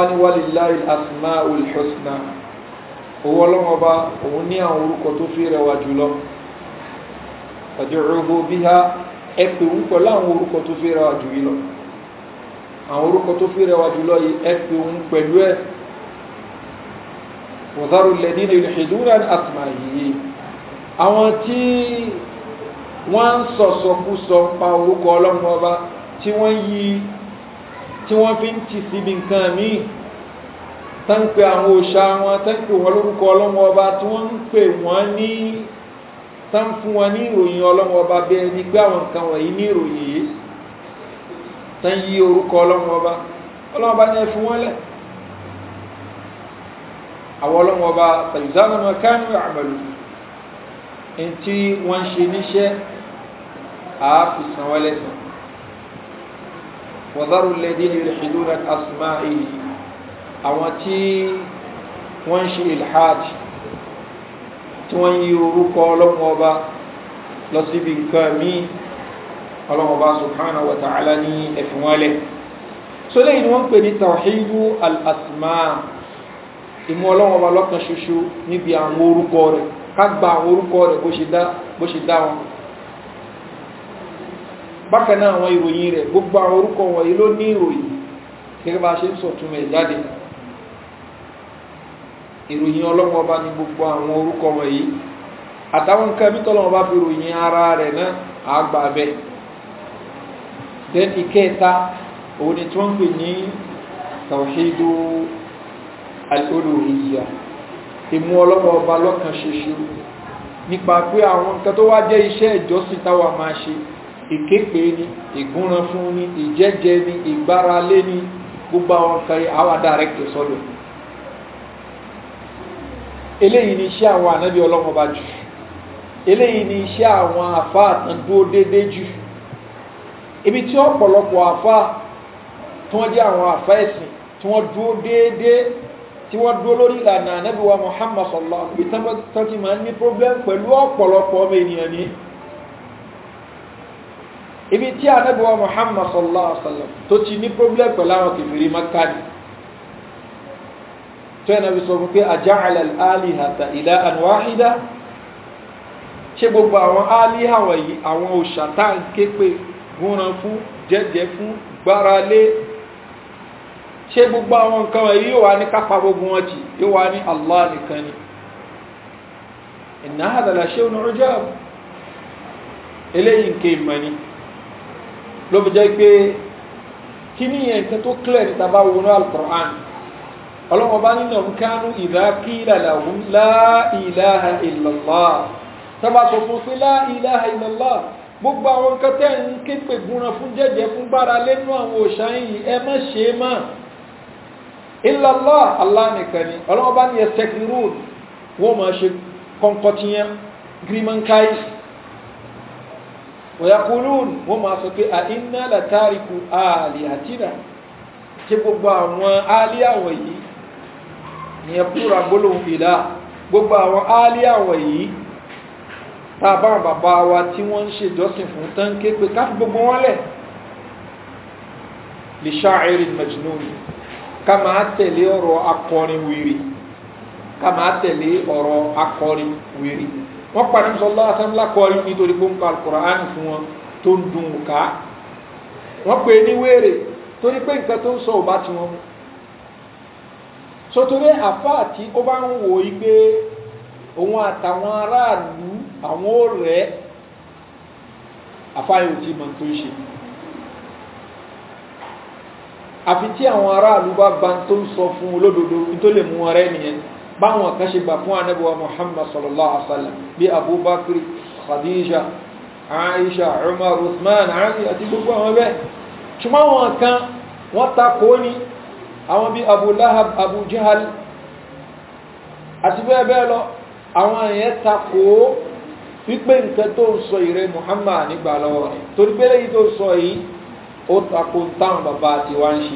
ní walillahi asmaul husna owó ọlọ́wọ́ bá òun ní àwọn orúkọ tó fi rẹwà jùlọ ọ̀dẹ̀rọ̀gbò bí ha ẹ pè òun pẹ̀lú àwọn orúkọ tó fi rẹwà jù yìí lọ àwọn orúkọ tó fi rẹwà jùlọ yìí ẹ òun pẹ̀lú ẹ wọ̀dárò lẹ́dí ní ìdúrà àtìmá yìí àwọn tí wọ́n sọ̀sọ̀kúsọ pa orúkọ ọlọ́wọ́ bá tí wọ́n yí tí wọ́n fi ń tì síbi nǹkan míì tán pé àwọn òòṣà wọn tán pé wọn lórúkọ ọlọ́mọ ọba tí wọ́n ń pè wọ́n ní tán fún wọn ní ìròyìn ọlọ́mọ ọba bí ẹni pé àwọn nǹkan wọ̀nyí ní ìròyìn yìí tán yí orúkọ ọlọ́mọ ọba ọlọ́mọ ọba ní ẹ fún wọn lẹ̀ àwọn ọlọ́mọ ọba sàyùsánà máa kánú àmàlù ẹni wọ́n ń ṣe níṣẹ́ àáfi sanwó lẹ́sàn wọ́n dárò lẹ́dí ní ìrìnàjò náà àwọn tí wọ́n ń ṣe ilhaj tí wọ́n yí orúkọ ọlọ́pọ̀ ọba lọ síbi nǹkan míì ọlọ́pọ̀ ọba sùhánà wàtàálá ní ẹ̀fìnwálẹ̀ so lẹ́yìn wọ́n pè ní tàwíhù al'asma ìmú ọlọ́pọ̀ ọba lọ́kan ṣoṣo níbi àwọn orúkọ rẹ̀ kágbà àwọn orúkọ rẹ̀ bó ṣe dá wọn bákan náà ìròyìn rẹ̀ gbogbo àwọn orúkọ wọ̀nyí ló ní ìròyìn gẹ́gẹ́ bá ṣe ń sọ̀tún mẹ́ jáde náà ìròyìn ọlọ́run ọba ní gbogbo àwọn orúkọ wọ̀nyí àtàwọn nǹkan bí tọ́lọ́run ọba fi ròyìn ara rẹ̀ náà àgbà bẹ̀ then ìkẹta òun ni tí wọ́n ń pè ní tàwíṣídó alólùhìyà ìmú ọlọ́run ọba lọ́kàn ṣoṣo nípa pé àwọn nǹkan tó wá jẹ́ iṣẹ́ ìjọsìn táwa máa ṣe ìképe ni ìgúnran fún ni ìjẹ́jẹ́ ni ìgbáralé ni gbogbo àwọn kan àwọn direct sọ́dọ̀ eléyìí ni iṣẹ́ àwọn ànábì ọlọ́run bá jù eléyìí ni iṣẹ́ àwọn àfá àtàndúró dédé jù ibi tí ọ̀pọ̀lọpọ̀ àfá tí wọ́n jẹ́ àwọn àfá ẹ̀sìn tí wọ́n dúró dédé tí wọ́n dúró lórí ìlànà ànábì wa muhammad sọ̀lá ibi tán ti máa ń ní problem pẹ̀lú ọ̀pọ̀lọpọ̀ ọmọ ènìyàn ní ibi tí ànábì wa muhammad sọ̀lá tó ti ní problem pẹ̀lú àwọn kìfìrí makani tẹ́nà bí sọ fún pé àjáàlẹ̀ alìhàtà ìlà ànúwáhídá ṣe gbogbo àwọn alìhàwọ̀ yìí àwọn òṣàtà ń ké pé gúnran fún jẹ́jẹ́ fún gbáralé ṣe gbogbo àwọn nǹkan wọ̀nyí yóò wá ní kápá gbogbo wọn jì yóò wá ní allah nìkan ni ìná àdàlà ṣe ònà ọjọ́ eléyìí nke ìmọ̀ ni ló fi jẹ́ pé kí ní ẹ̀ǹkan tó clear ní tàbá wọnú ọlọ́wọ́ bá nínú ọ̀nkánú ìdákìlà làwọn láìláha ìlàlá tọ́bà sọ fún sí láìláha ìlàlá gbogbo àwọn nǹkan tẹ́ ń képe gúnra fún jẹ́jẹ́ fún gbára lẹ́nu àwọn òṣàyìn yìí ẹ má ṣe má ìlàlá aláàmìkan ni ọlọ́wọ́ bá ní ẹsẹ̀ kìrún wọ́n máa ṣe kọ́ńkọ́tìyàn gírímọ̀nkáì wọ́yàkùlùn wọ́n gbogbo àwọn àlè àwọn yìí ìyẹn púra gbólóhùn ìlà gbogbo àwọn áálíà wọ̀nyí tá a bá wọn bàbá wa tí wọ́n ń ṣe ìjọsìn fún tán ké pé ká fi gbogbo wọn lẹ̀ lè ṣáàrin mẹjìnnúni ká máa tẹ̀lé ọ̀rọ̀ akọrin wèrè ká máa tẹ̀lé ọ̀rọ̀ akọrin wèrè wọ́n parí sọ́lá asámúlá kọrin nítorí pé ń ka alukoran fún wọn tó ń dùn ká wọ́n pè é ní wèrè torí pé nǹkan tó ń sọ ò bá tiwọn mu sotori àfáà tí ó bá ń wò í pé òun àtàwọn aráàlú àwọn ò rẹ àfáà yóò ti mọ tó ń ṣe àfi tí àwọn aráàlú bá gba tó ń sọ fún olódodo tó lè mú ọrẹ nìyẹn báwọn kan ṣe gbà fún anábíwá muhammad sallallahu alaihi wa bí abubakar khadija aisha umar usman ali àti gbogbo àwọn bẹ́ẹ̀ ṣùgbọ́n àwọn kan wọ́n ta ní àwọn bí abu lahab abu jihal àti bẹ́ẹ̀ bẹ́ẹ̀ lọ àwọn èèyàn takò ó wípé nǹkan tó ń sọ ìrẹ́ muhammad nígbà lọ́wọ́ rẹ̀ torí pé lẹ́yìn tó sọ yìí ó takò táwọn bàbá àti wá ń ṣe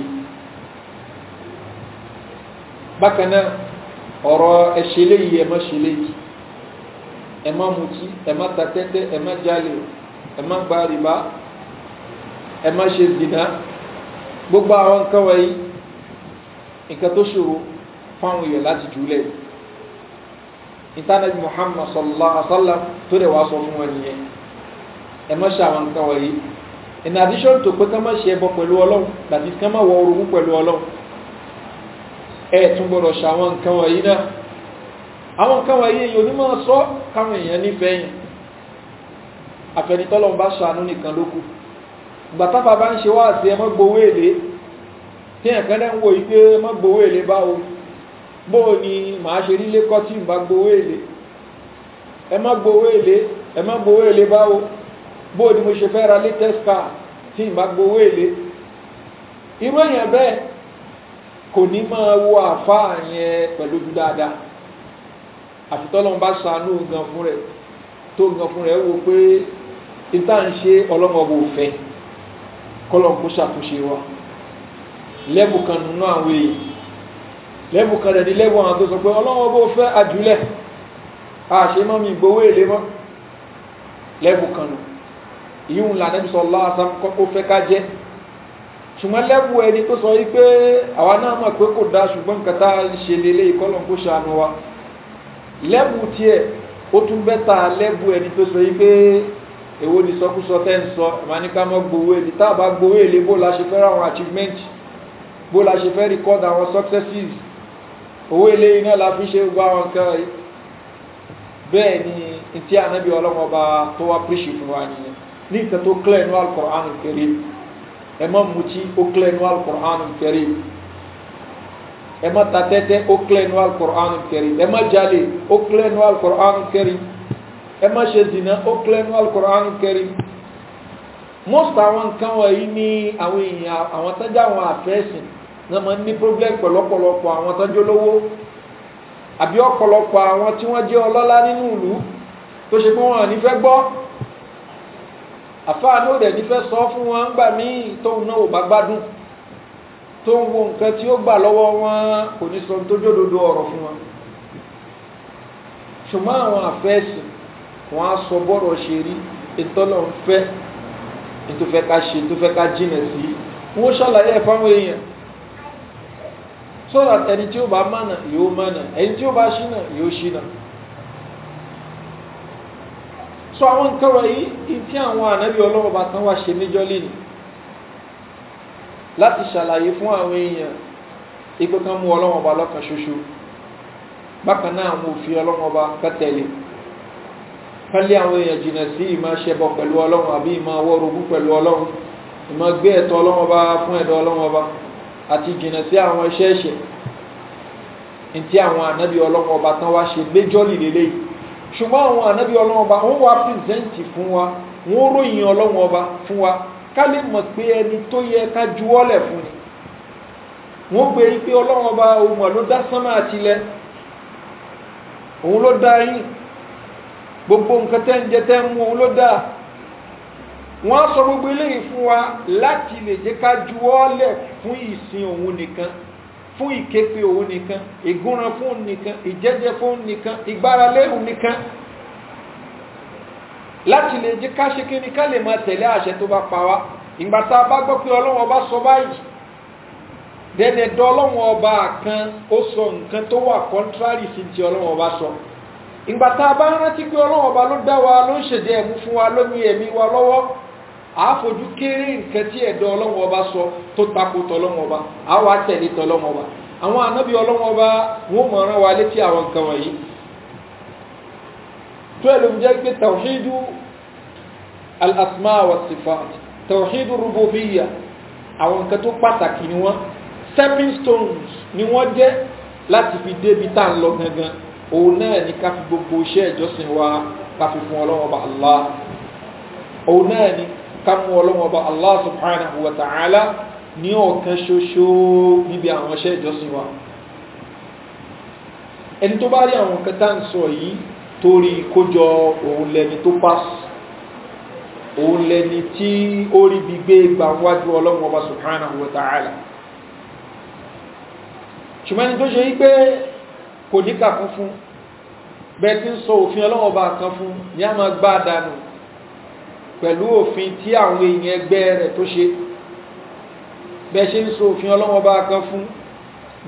bákan náà ọ̀rọ̀ ẹ̀ṣẹ̀ léyìí ẹ̀mọ́ ṣe léyìí ẹ̀mọ́ mutí ẹ̀mọ́ tatẹ́tẹ́ ẹ̀mọ́ jalè ẹ̀mọ́ gba ẹ̀mọ́ ṣe zìnà gbogbo àwọn nǹkan wọ̀nyí nǹkan tó ṣòro fáwọn èèyàn láti jùlẹ̀ ìtànàbí muhammad sallallahu alaihi wasallam tó dẹ̀ wá sọ fún wọn nìyẹn ẹ mọ́ ṣe àwọn nǹkan wọ̀nyí in addition tó pé kán mọ́ ṣe ẹbọ pẹ̀lú ọlọ́run tàbí kán mọ́ wọ orogún pẹ̀lú ọlọ́run ẹ tún gbọ́dọ̀ ṣe àwọn nǹkan wọ̀nyí náà àwọn nǹkan wọ̀nyí èyí onímọ̀ sọ káwọn èèyàn nífẹ̀ẹ́ yìn àfẹnitọ́lọ́run bá ṣàánú nìkan lókù gbàtàfà bá ń ṣe wá àti ẹmọ́ gbowó èlé tí ẹ̀kan lẹ́ ń wo ìgbé mọ́ gbowó èlé bá o bó o ni màá ṣe nílé kọ́ tí n bá gbowó èlé ẹ má gbowó èlé ẹ má gbowó èlé bá o bó o ni mo ṣe fẹ́ ra latest car tí n bá gbowó èlé irú èèyàn bẹ́ẹ̀ kò ní máa wo àfáà yẹn pẹ̀lú ojú dáadáa àfitọ́lọ́n bá ṣàánú gan fún rẹ̀ tó gan fún rẹ̀ wo pé ìta ń ṣe ọlọ́mọbò òfẹ́ kọ́lọ́n kó ṣàtúnṣe wa lẹ́bù kan nínú àwọn èèyàn lẹ́bù kan rẹ̀ ní lẹ́bù àwọn tó sọ pé ọlọ́wọ́ bó fẹ́ àjúlẹ̀ àṣẹ mọ́ mi gbowó èlé mọ́ lẹ́bù kan nù ìyún lànàbí sọ lọ́wọ́ kó fẹ́ ká jẹ́ ṣùgbọ́n lẹ́bù ẹni tó sọ wípé àwa náà mọ̀ pé kò dá ṣùgbọ́n nǹkan tá a ṣe lélé ìkọlọ̀ kó ṣàánú wa lẹ́bù tiẹ̀ ó tún bẹ́ta lẹ́bù ẹni tó sọ wípé èwo ni sọkúsọ tẹ́ ń sọ ìmáníkà mọ́ gbowó èlé tá a èlé bó la ṣe fẹ́ràn àwọn achievement bó la ṣe fẹ́ record àwọn successes owó ilé iná la fi ṣe gbogbo àwọn nǹkan yìí bẹ́ẹ̀ ni tí ànábì ọlọ́wọ́ bá tó wá píríṣì fún wa nìyẹn ní nǹkan tó clear ní alukur'an kẹrì ẹ má mutí ó clear ní alukur'an kẹrì ẹ má ta tẹ́tẹ́ ó clear ní alukur'an kẹrì ẹ má jalè ó clear ní alukur'an kẹrì ẹ má ṣe zina ó clear ní alukur'an kẹrì most àwọn nǹkan wọ̀nyí ní àwọn èèyàn àwọn tọ́jú àwọn àfẹ́sìn náà máa ń ní problem pọ̀lọ́pọ̀lọpọ̀ àwọn tọ́jú olówó àbí ọ̀pọ̀lọpọ̀ àwọn tí wọ́n jẹ́ ọlọ́lá nínú ìlú tó ṣe pé wọn ní fẹ́ gbọ́ àfáà ní òdẹ̀ ní fẹ́ sọ fún wọn gbà mí tóun náà ò bá gbádùn tó wo nǹkan tí ó gbà lọ́wọ́ wọn kò ní sọ tó jódodo ọ̀rọ̀ fún wọn ṣùgbọ́n àwọn àfẹ́sìn wọn á sọ bọ́rọ̀ ṣe rí ìtọ́lọ́ ń fẹ́ tó fẹ́ ká ṣe tó fẹ́ ká jìnà sí wọ́n ṣàlàyé ẹ̀ fáwọn èèyàn so that ẹni tí ó bá mánà yóò mánà ẹni tí ó bá ṣìnà yóò ṣìnà so àwọn nǹkan wọ̀nyí tí àwọn ànábì ọlọ́wọ́ bá tán wá ṣe níjọ́ lẹ́nu láti ṣàlàyé fún àwọn èèyàn ipò kan mú ọlọ́wọ́ bá lọ́kàn ṣoṣo bákan náà mo fi ọlọ́wọ́ bá kẹ́tẹ̀lé kálí àwọn èèyàn jìnà sí ìmá ṣẹbọ pẹ̀lú ọlọ́run àbí ìmá wọ́rogún pẹ̀lú ọlọ́run ìmá gbé ẹ̀tọ́ ọlọ́run ọba fún ẹ̀dọ́ ọlọ́run ọba àti jìnà sí àwọn iṣẹ́ ẹ̀ṣẹ̀ ntí àwọn ànábì ọlọ́run ọba tán wá ṣe méjọ́lì lélẹ̀ ṣùgbọ́n àwọn ànábì ọlọ́run ọba wọ́n wá pírẹsẹ̀ǹtì fún wa wọ́n ròyìn ọlọ́run ọba fún wa ká lè mọ̀ pé ẹni tó yẹ ká juwọ́lẹ̀ fún ni wọ́n gbé yí pé ọlọ́run ọba òun ló dá sánmà àtilẹ̀ òun ló dá yín gbogbo nǹkan tẹ́ ń jẹ tẹ́ ń mú òun ló dáa wọ́n sọ gbogbo eléyìí fún wa láti lè jẹ́ ká juwọ́lẹ̀ fún ìsìn òun nìkan fún ìképe òun nìkan ìgúnran fún nìkan ìjẹ́jẹ́ fún nìkan ìgbáralé òun nìkan láti lè jẹ́ ká ṣe kí ni ká lè máa tẹ̀lé àṣẹ tó bá pa wá ìgbà tá a bá gbọ́ pé ọlọ́run ọba sọ báyìí dẹ́nẹ̀dọ́ ọlọ́run ọba kan ó sọ nǹkan tó wà kọ́ńtrárì sí ti ọlọ́run ọba sọ ìgbà tá a bá rántí pé ọlọ́wọ́ ọba ló dá wa ló ń ṣèdí ẹ̀mú fún wa lómi ẹ̀mí wa lọ́wọ́ àáfojú kéré nǹkan tí ẹ̀dọ́ ọlọ́wọ́ ọba sọ tó tako tọ́lọ́wọ́ ọba àwọn àtẹ̀lé tọ́lọ́wọ́ ọba àwọn ànábì ọlọ́wọ́ ọba wọn mọ̀ ràn wá létí stepping stones ni wọ́n jẹ́ láti fi débi tá ń lọ gangan òun náà ni ká fi gbogbo iṣẹ́ ìjọsìn wa ká fi fún ọlọ́wọ́ bá Allah òun náà ni ká mú ọlọ́wọ́ bá Allah subhanahu wa ta'ala ní ọ̀kan ṣoṣo níbi àwọn iṣẹ́ ìjọsìn wa ẹni tó bá rí àwọn nǹkan tá ń sọ yìí torí kójọ òun lẹni tó pass òun lẹni tí ó rí bí gbé gbà wájú ọlọ́wọ́ bá subhanahu wa ta'ala ṣùgbọ́n ẹni tó ṣe yí pé kò ní kàkún fún bẹ́ẹ̀ tí ń sọ òfin ọlọ́wọ́ bá kan fún ní a máa gbá dànù pẹ̀lú òfin tí àwọn èèyàn ẹgbẹ́ rẹ̀ tó ṣe bẹ́ẹ̀ ṣe ń sọ òfin ọlọ́wọ́ bá kan fún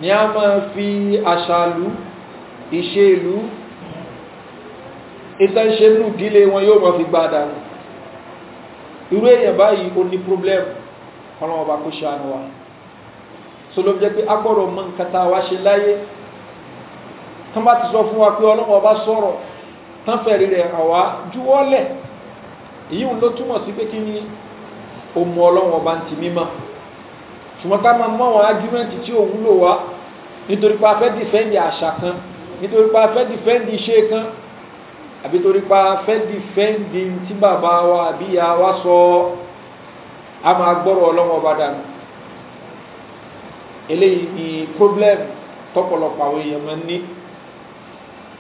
ní a máa fi àṣàlú ìṣe ìlú ìtànṣẹ́lú dílé wọn yóò mọ́ fi gbá dànù irú èèyàn báyìí ó ní problem ọlọ́wọ́ bá kó ṣe àánú wa so ló tán bá ti sọ fún wa pé ọlọ́wọ́ bá sọ̀rọ̀ tán fẹ̀rí rẹ̀ àwa juwọ́lẹ̀ èyí ń ló túmọ̀ sí pé kí ni òmù ọlọ́wọ́ bá ń ti mímọ́ ṣùgbọ́n ká máa mọ àwọn tí ò wúlò wá nítorí pé fẹ́ dìfẹ́ǹdì àṣà kan nítorí pé a fẹ́ dìfẹ́ǹdì iṣẹ́ kan àbí torí pé fẹ́ dìfẹ́ǹdì tí bàbá wa àbí ìyá wa sọ a máa gbọ́rọ̀ ọlọ́wọ́ bá dànù eléyìí ni problem tọ́pọ̀lọpọ̀ àwọn èèyàn máa ń ní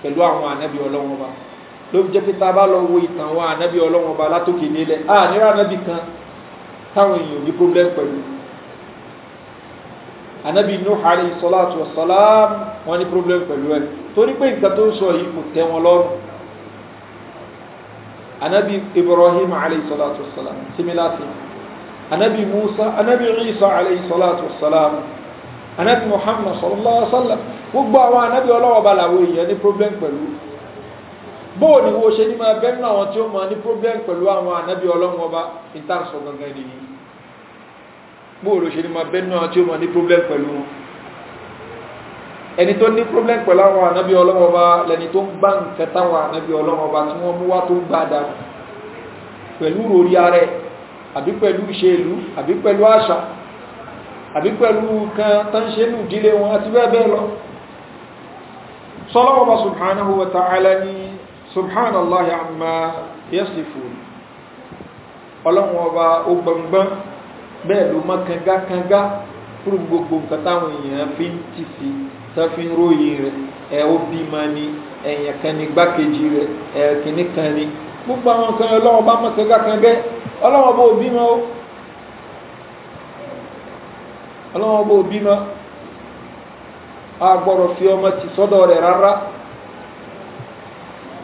pẹ̀lú àwọn ànábì ọlọ́wọ́n ọba ló jẹ́ pé tá a bá lọ wo ìtàn àwọn ànábì ọlọ́wọ́n ọba látòkè nílẹ̀ a nírà ànábì kan táwọn èèyàn ní problem pẹ̀lú ànábì Nuh alayhi salatu wassalam wọn ní problem pẹ̀lú ẹ̀ torí pé nǹkan tó ń sọ yìí kò tẹ́ wọn lọ́rùn ànábì Ibrahim alayhi salatu wassalam similar thing ànábì Musa ànábì Isa alayhi salatu wassalam anabi muhammad sallallahu alaihi wa sallam gbogbo àwọn anabi ọlọ́wọ́ bá làwọn èèyàn problem pẹ̀lú bóò ni wo ṣe ní máa bẹ́ẹ̀ náà àwọn tí ó máa problem pẹ̀lú àwọn anabi ọlọ́wọ́ bá ìtànsọ gangan nìyí bóò ló ṣe ní máa bẹ́ẹ̀ náà tí ó máa ní problem pẹ̀lú wọn ẹni tó ní problem pẹ̀lú àwọn anabi ọlọ́wọ́ bá lẹni tó ń gbá nǹkan táwọn anabi ọlọ́wọ́ bá tí wọ́n mú wá tó ń gbá dànù pẹ̀lú rori ara ẹ̀ àbí pẹ̀lú ìṣèlú àbí pẹ̀lú àṣà àbí pẹ̀lú kan tán ṣe nù dílé wọn àti bẹ́ẹ̀ bẹ́ẹ̀ lọ sọ́lọ́wọ́ bá subhanahu wa ta'ala ni subhanallahi amma yasifun ọlọ́wọ́ bá ó gbọmgbọ́n bẹ́ẹ̀ ló mọ́ kangakanga fún gbogbo nǹkan táwọn èèyàn fi ń tì sí tọ́fí ń ròyìn rẹ̀ ẹ̀ ọlọ́wọ́ bá mọ́ kangakanga ó ọlọ́wọ́n bó bímọ a gbọ́dọ̀ fi ọmọ tì sọ́dọ̀ rẹ̀ rárá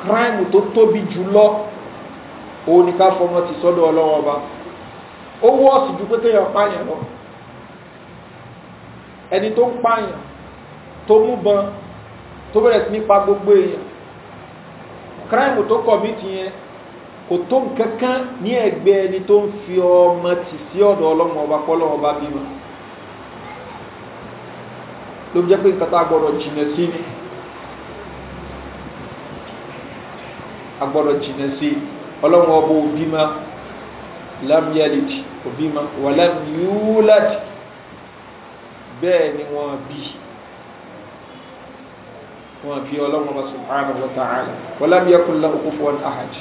crime tó tóbi jù lọ òun ni ká fọmọ tì sọ́dọ̀ ọlọ́wọ́n ọba ó wọ́ọ̀sì ju pé kéèyàn pààyàn lọ ẹni tó ń pààyàn tó mú ban tó bẹ̀rẹ̀ sí nípa gbogbo èèyàn crime tó kọ̀mítì yẹn kò tó nǹkan kan ní ẹgbẹ́ ẹni tó ń fi ọmọ tì sí ọ̀dọ̀ ọlọ́wọ́n ọba pọ́lọ́wọ́n ọba bímọ ló jẹ́ pé nǹkan tá a gbọ́dọ̀ jìnà sí ni a gbọ́dọ̀ jìnà sí ọlọ́run ọba òbí ma lam yalid òbí ma wà lam yulad bẹ́ẹ̀ ni wọ́n bí wọ́n bí ọlọ́run ọba subhanahu wa ta'ala wà lam yakun lahu kufuwan ahad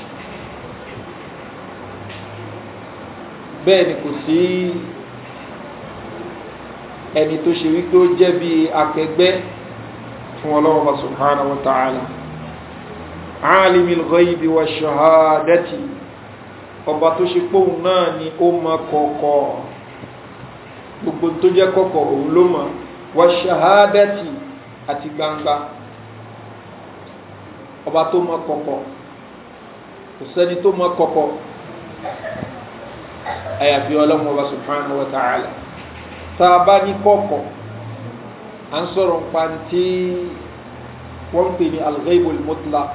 bẹ́ẹ̀ ni kò sí. Si, ẹni tó ṣe wípé ó jẹ́ bí akẹgbẹ́ fún ọlọ́wọ́ bá subhanahu wa ta'ala alimil ghaibi wa shahadati ọba tó ṣe póhùn náà ni ó mọ kọ̀kọ̀ gbogbo tó jẹ́ kọ̀kọ̀ òun ló mọ̀ wa shahadati àti gbangba ọba tó mọ kọ̀kọ̀ kò sẹ́ni tó mọ kọ̀kọ̀ àyàfi ọlọ́wọ́ bá subhanahu wa tá a bá ní kọ́kọ́ à ń sọ̀rọ̀ nípa tí wọ́n ń pè ní alghaibul mutlaq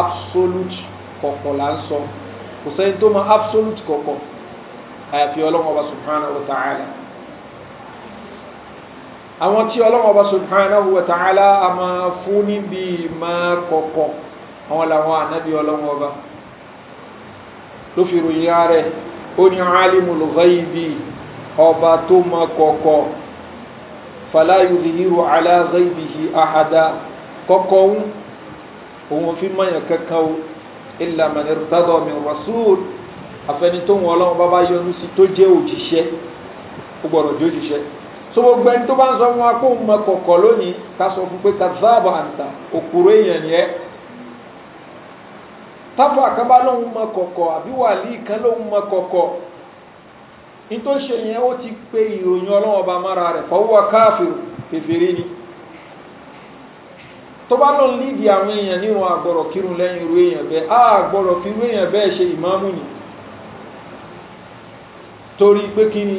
absolute kọ̀kọ̀ là ń sọ kò sẹ́yìn tó mọ absolute kọ̀kọ̀ àyàfi ọlọ́run ọba subhanahu wa ta'ala àwọn tí ọlọ́run ọba subhanahu wa ta'ala a máa fún níbi máa kọ̀kọ̀ àwọn làwọn ànábì ọlọ́run ọba ròyìn ara ó ní alimul ghaibi ọba tó mọ kọ̀kọ̀ fàláyùdì hírò aláàzẹ́bìhì àhàdá kọ́kọ́ ń òun fi mọ̀yàn kankan o ilà mẹ́rìndàdọ̀ mi rasul àfẹni tó wọn ọlọ́run bá bá yọnu sí tó jẹ́ òjíṣẹ́ ó gbọ́dọ̀ jẹ́ òjíṣẹ́ so gbogbo ẹni tó bá ń sọ fún wa kó ń mọ kọ̀kọ̀ lónìí ká sọ fún pé kazaba àǹtà òkúrò èèyàn ni ẹ́ táfà kan mọ kọ̀kọ̀ àbí wàlíì kan lóun mọ kọ̀kọ̀ in tó ṣe yẹn ó ti pé ìròyìn ọlọ́wọ́ bá mára rẹ̀ fọwọ́ káàfìrò kèfèrè ni tó bá lọ lídìí àwọn èèyàn níwọ̀n àgbọ̀rọ̀ kírun lẹ́yìn irú èèyàn bẹ́ẹ̀ á àgbọ̀rọ̀ kírú èèyàn bẹ́ẹ̀ ṣe ìmáàmù ni torí pé kí ni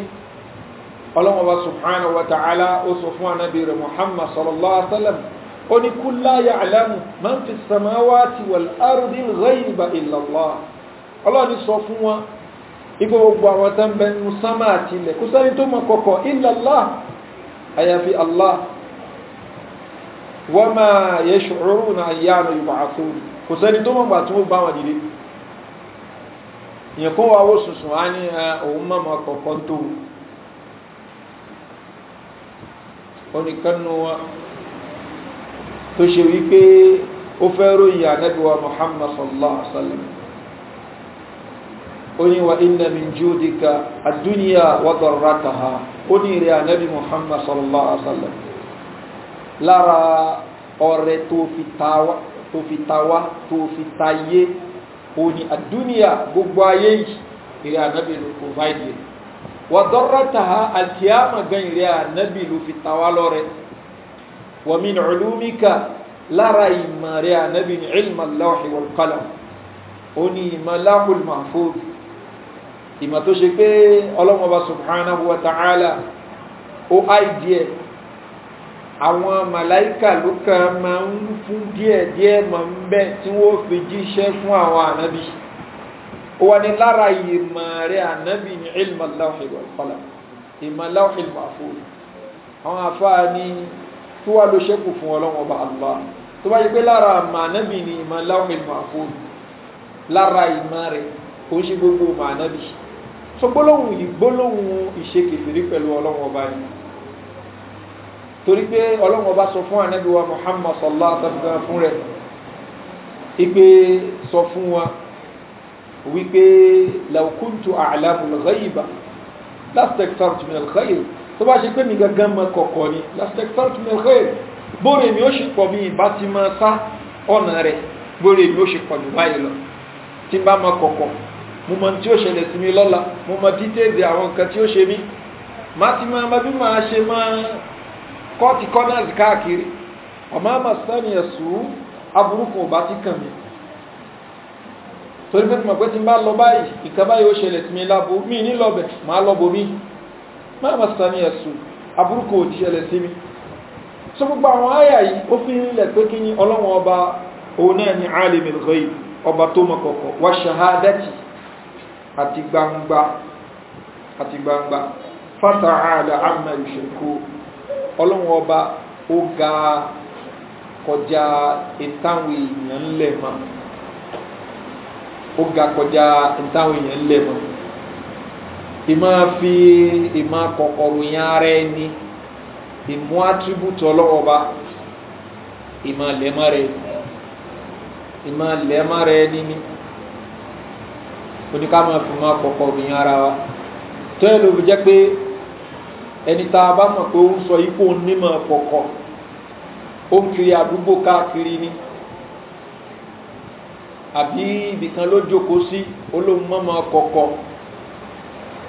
ọlọ́wọ́ba subhanahu wa ta'ala ó sọ fún anábì rẹ̀ muhammad sallallahu alaihi ó ní kú láyà àlámù máa ń fi samáwá ti wà lárúdí rẹ̀ ìbà ọlọ́ni sọ fún wọn ipò gbogbo àwọn tán bẹ ń sánmà àti ilẹ̀ kó sẹ́ni tó mọ kọ̀kọ̀ ìlàlá àyàfi allah wọ́n máa yẹ ṣòro na ayé àmì ìwà àfúrú kò sẹ́ni tó mọ̀ gbà tí wọ́n bá wọn dìde yẹn wa wó sùsùn á ní òun mọ̀ mọ̀ kọ̀kọ́ tó oníkanu wa tó ṣe wípé ó fẹ́ ròyìn ànábìwá muhammad sallallahu alaihi wa oni wa inna min judika ad-dunya wa darrataha oni ri anabi muhammad sallallahu alaihi wasallam lára ọrẹ tó fi tawa tó fi tawa tó fi tayé oni ad-dunya gbogbo ayé yìí ri anabi ló provide wa darrataha al-qiyama gan ri anabi ló fi tawa lọ́rẹ wa min ulumika lára ìmọ̀ rí ànábì ní ilmà láwàhí wal qalam ó ní mahfuz ìmọ̀ tó ṣe pé ọlọ́mọba subhanahu wa ta'ala ó àìdíẹ̀ àwọn màláìkà ló kà máa ń fún díẹ̀ díẹ̀ mọ̀ ń bẹ́ tí wọ́n fi jíṣẹ́ fún àwọn ànábì ó wà ní lára ìmọ̀ rẹ̀ ànábì ní ilmọ̀ láwùjọ ìwọ̀lá ìmọ̀ láwùjọ ìwọ̀lá àwọn afáà ní tó wà ló ṣẹ́kù so gbólóhùn yìí gbólóhùn ìṣe kèfèrí pẹ̀lú ọlọ́run ọba ni torí pé ọlọ́run ọba sọ fún ànábì wa muhammad sallallahu alaihi wa sallam fún rẹ̀ ipe sọ fún wa wípé law kuntu a'lamu al-ghayba lastakthartu min al-khayr tó bá ṣe pé mi gangan mọ kọ̀kọ̀ ni tí bá mọ kọ̀kọ̀ mo mọ tí ó ṣẹlẹ̀ sí mi lọ́la mo mọ details àwọn nǹkan tí ó ṣe mí má ti máa ma bí máa ṣe máa kọ́ọ̀tì corners káàkiri ọmọ àmà sani ẹ̀sùn aburúkú ọba ti kàn mí torí pé mo pé tí n bá lọ báyìí nǹkan báyìí ó ṣẹlẹ̀ sí mi lábo mí ní lọ́bẹ̀ máa mí má àmà sani ẹ̀sùn aburúkú ò ti ṣẹlẹ̀ sí mi so gbogbo àwọn àyà yìí ó fi ń lẹ̀ pé kí ni ọlọ́wọ́n ọba òun náà ni alimil ghaib ọba tó mọ kọ̀kọ̀ wá ṣahadati àti gbangba àti gbangba fata'ala amma yushriku ọlọ́run ọba ó ga kọjá ìtàwọn èèyàn ńlẹ̀ mọ́ ó ga kọjá ìtàwọn èèyàn ńlẹ̀ mọ́ ìmọ̀ fi ìmọ̀ kọ̀kọ̀rọ̀ yẹn ara ẹni ìmú attribute ọlọ́run ọba ìmọ̀ lẹ́mọ́ rẹ̀ ìmọ̀ lẹ́mọ́ rẹ̀ ẹni ni oní ká máa fi máa kọ̀kọ̀ obìnrin ara wa tó ẹ̀ ló fi jẹ́ pé ẹni tá a bá mọ̀ pé ó ń sọ ipò onímọ̀ kọ̀kọ̀ ó ń kiri àdúgbò káàkiri ni àbí ibìkan ló jókòó sí olóhùn mọ́mọ́ kọ̀kọ̀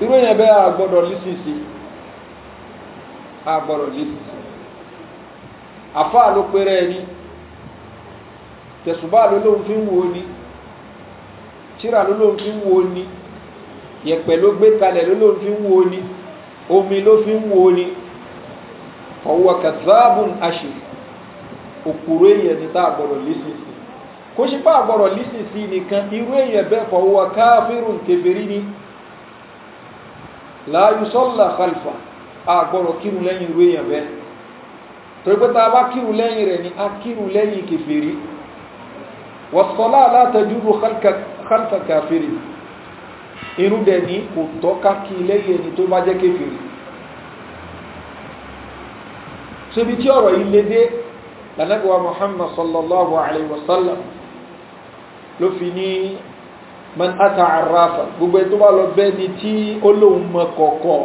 irú èèyàn bẹ́ẹ̀ àgbọ̀dọ̀ lísìsì àgbọ̀dọ̀ lísìsì àfáà ló pẹ́rẹ́ ẹni tẹ̀sùbáà ló lóun fi ń wo ni tíra ló ló ń fi ń wo ni yẹ̀pẹ̀ ló gbé kalẹ̀ ló ló ń fi ń wo ni omi ló fi ń wo ni ọwọ́ kazabun aṣe òkúrò èèyàn ní tá àgbọ̀rọ̀ lísìsì kó ṣe pá àgbọ̀rọ̀ lísìsì nìkan irú èèyàn bẹ́ẹ̀ fọwọ́ káfírùn kèfèrí ni láàyù sọ́là khalfa àgbọ̀rọ̀ kírun lẹ́yìn irú èèyàn bẹ́ẹ̀ torí pé tá kírun lẹ́yìn rẹ̀ ni a kírun lẹ́yìn kèfèrí wọ́sọ́lá látẹ̀júrú khalkak khamsa kàfìrì irú dẹ̀ ní kò tọ́ka kí lẹ́yìn ẹni tó bá jẹ́ kéfìrì síbi tí ọ̀rọ̀ yìí lé dé lànàgbà muhammad sallallahu alayhi wa sallam ló fi ní man ata arrafa gbogbo ẹ̀ tó bá lọ bẹ́ẹ̀ ni tí ó lóun mọ kọ̀ọ̀kọ̀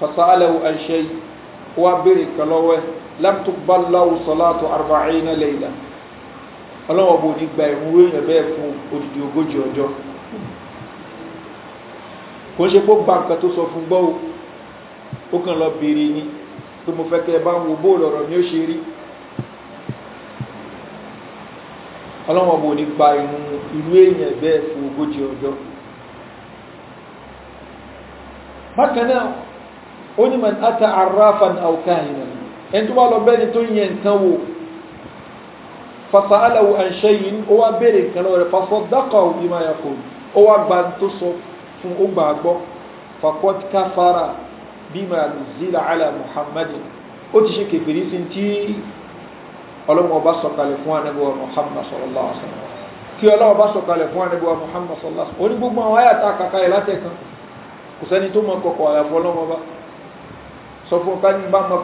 fasalahu anṣẹ́ yìí wá béèrè kan lọ́wọ́ ẹ̀ arba'ina layla ọlọ́wọ́ bó ti gba ìwúrú èèyàn bẹ́ẹ̀ fún odidi ogójì ọjọ́ kò ń ṣe pé ó gba nǹkan tó sọ fún gbọ́ o ó kàn lọ bèèrè ni pé mo fẹ́ kẹ́ ẹ bá ń wo bó lọ̀rọ̀ ni ó ṣe rí ọlọ́wọ́ bó ti gba ìlú èèyàn bẹ́ẹ̀ fún ogójì ọjọ́ bákan náà ó ní mọ̀ ní ata arrafan aw kahinan ẹni tó bá lọ bẹ́ni tó yẹ nǹkan wò fasa'alahu an shay'in ó wá béèrè nǹkan lọ́wọ́ rẹ̀ fasaddaqahu bima yaqulu ó wá gba tó sọ fún ó gbà gbọ́ faqad kafara bima nuzila ala muhammadin ó ti ṣe kèfèrí sí tí ọlọ́wọ́ bá sọ̀kalẹ̀ fún anábíwá muhammad sallallahu alaihi wasallam kí ọlọ́wọ́ bá sọ̀kalẹ̀ fún anábíwá muhammad sallallahu alaihi wasallam ó ní gbogbo àwọn ayàtà kàkà ẹ̀ látẹ̀kan kò sẹ́ni tó mọ kọ̀kọ̀ àyàfọ́ ọlọ́wọ́ bá sọ fún ọkàn ní bá mọ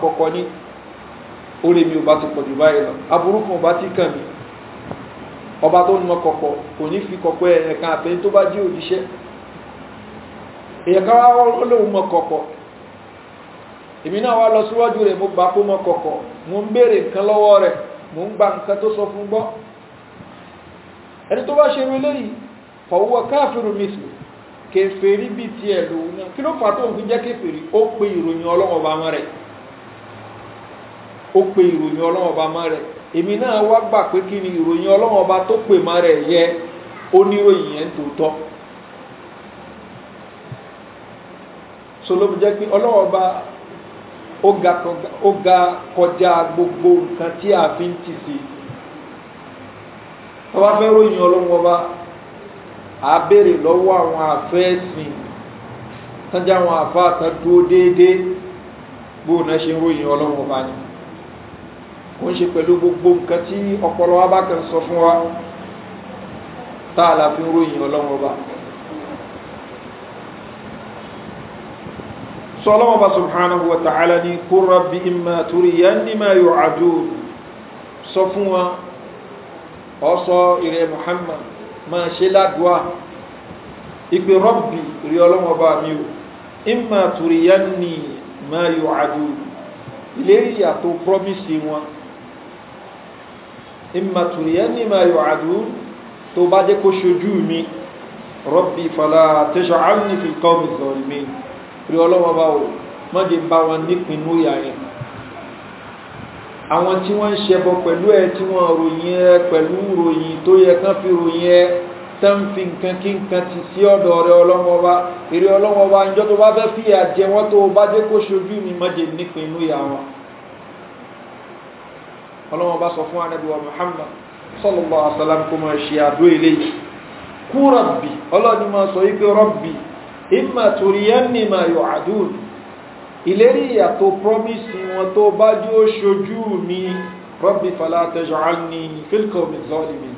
orí mi ò bá ti pọ̀jù báyìí lọ aburú kan ò bá ti kàn mí ọba tó nà kọ̀kọ̀ kò ní fi kọ̀kọ̀ ẹ̀ẹ̀kan àtẹ́yìn tó bá jí òjíṣẹ́ èèyàn ká wá lóun mọ kọ̀kọ̀ èmi náà wá lọ síwájú rẹ̀ mo gbà kó mọ kọ̀kọ̀ mo ń béèrè nǹkan lọ́wọ́ rẹ̀ mo ń gba nǹkan tó sọ fún gbọ́ ẹni tó bá ṣe irú eléyìí fọwọ́ káàfìrù mísìlì kèfèrí bíi tiẹ̀ lòun náà kí ló fà tó ń fi jẹ́ kèfèrí ó pe ìròyìn ọlọ́wọ́ bá rẹ̀ ó pe ìròyìn ọlọ́run ọba mọ́ rẹ̀ èmi náà wá gbà pé kí ni ìròyìn ọlọ́run ọba tó pè mọ́ rẹ̀ yẹ oníròyìn yẹn tòótọ́ so ló jẹ́ pé ọlọ́run ọba ó ga kọjá gbogbo nǹkan tí a fi ń tì sí ọba fẹ́ ròyìn ọlọ́run ọba a béèrè lọ́wọ́ àwọn àfẹ́sìn tán àwọn àfáà tán dúró déédéé bóun náà ṣe ń ròyìn ọlọ́run ọba ni kò ń ṣe pẹ̀lú gbogbo nǹkan tí ọpọlọ wa bá kàn sọ fún wa tá a la fi ń ròyìn ọlọ́wọ́n ọba sọ ọlọ́wọ́n ọba subhanahu wa ta'ala ni kó rabbi imma torí ya ní máa yọ àjò sọ fún wa ọsọ ìrẹ muhammad máa ṣe ládùá ìpè rọ́bì rí ọlọ́wọ́n mi o imma torí ya ní máa yọ àjò ìlérí ìyà promise wọn ìmàtùrìyẹ́nì máa yọ̀ àdúrú tó bá jẹ́ kó ṣojú mi rọ́bì fàlà tẹ́ṣọ̀ àmì fi kọ́ mi sọ̀rọ̀ mi rí ọlọ́wọ́ bá wò mọ́jẹ̀ bá wọn nípinnu ìyá yẹn àwọn tí wọ́n ń ṣẹbọ pẹ̀lú ẹ tí wọ́n ròyìn ẹ pẹ̀lú ròyìn tó yẹ kán fi ròyìn ẹ tán fi nǹkan kí nǹkan ti sí ọ̀dọ̀ rẹ ọlọ́mọba èrè ọlọ́mọba ìjọ tó bá fẹ́ fìyà jẹ wọ́n tó bá dé kó ṣojú mi mọ́jẹ̀ nípinnu ìyá ọlọ́wọ́n bá sọ fún anábíwá muhammad sọlọ́lá asalam kó máa ṣe àdó eléyìí kú rọ̀bì ọlọ́ni máa sọ wípé rọ̀bì ìmà toríyẹ́nì máa yọ àdúrà ìlérí ìyàtọ̀ promise wọn tó bá jó ṣojú mi rọ̀bì fàlà tẹ̀sán-án-ní fílkọ̀ mi zọ́ọ̀lì mi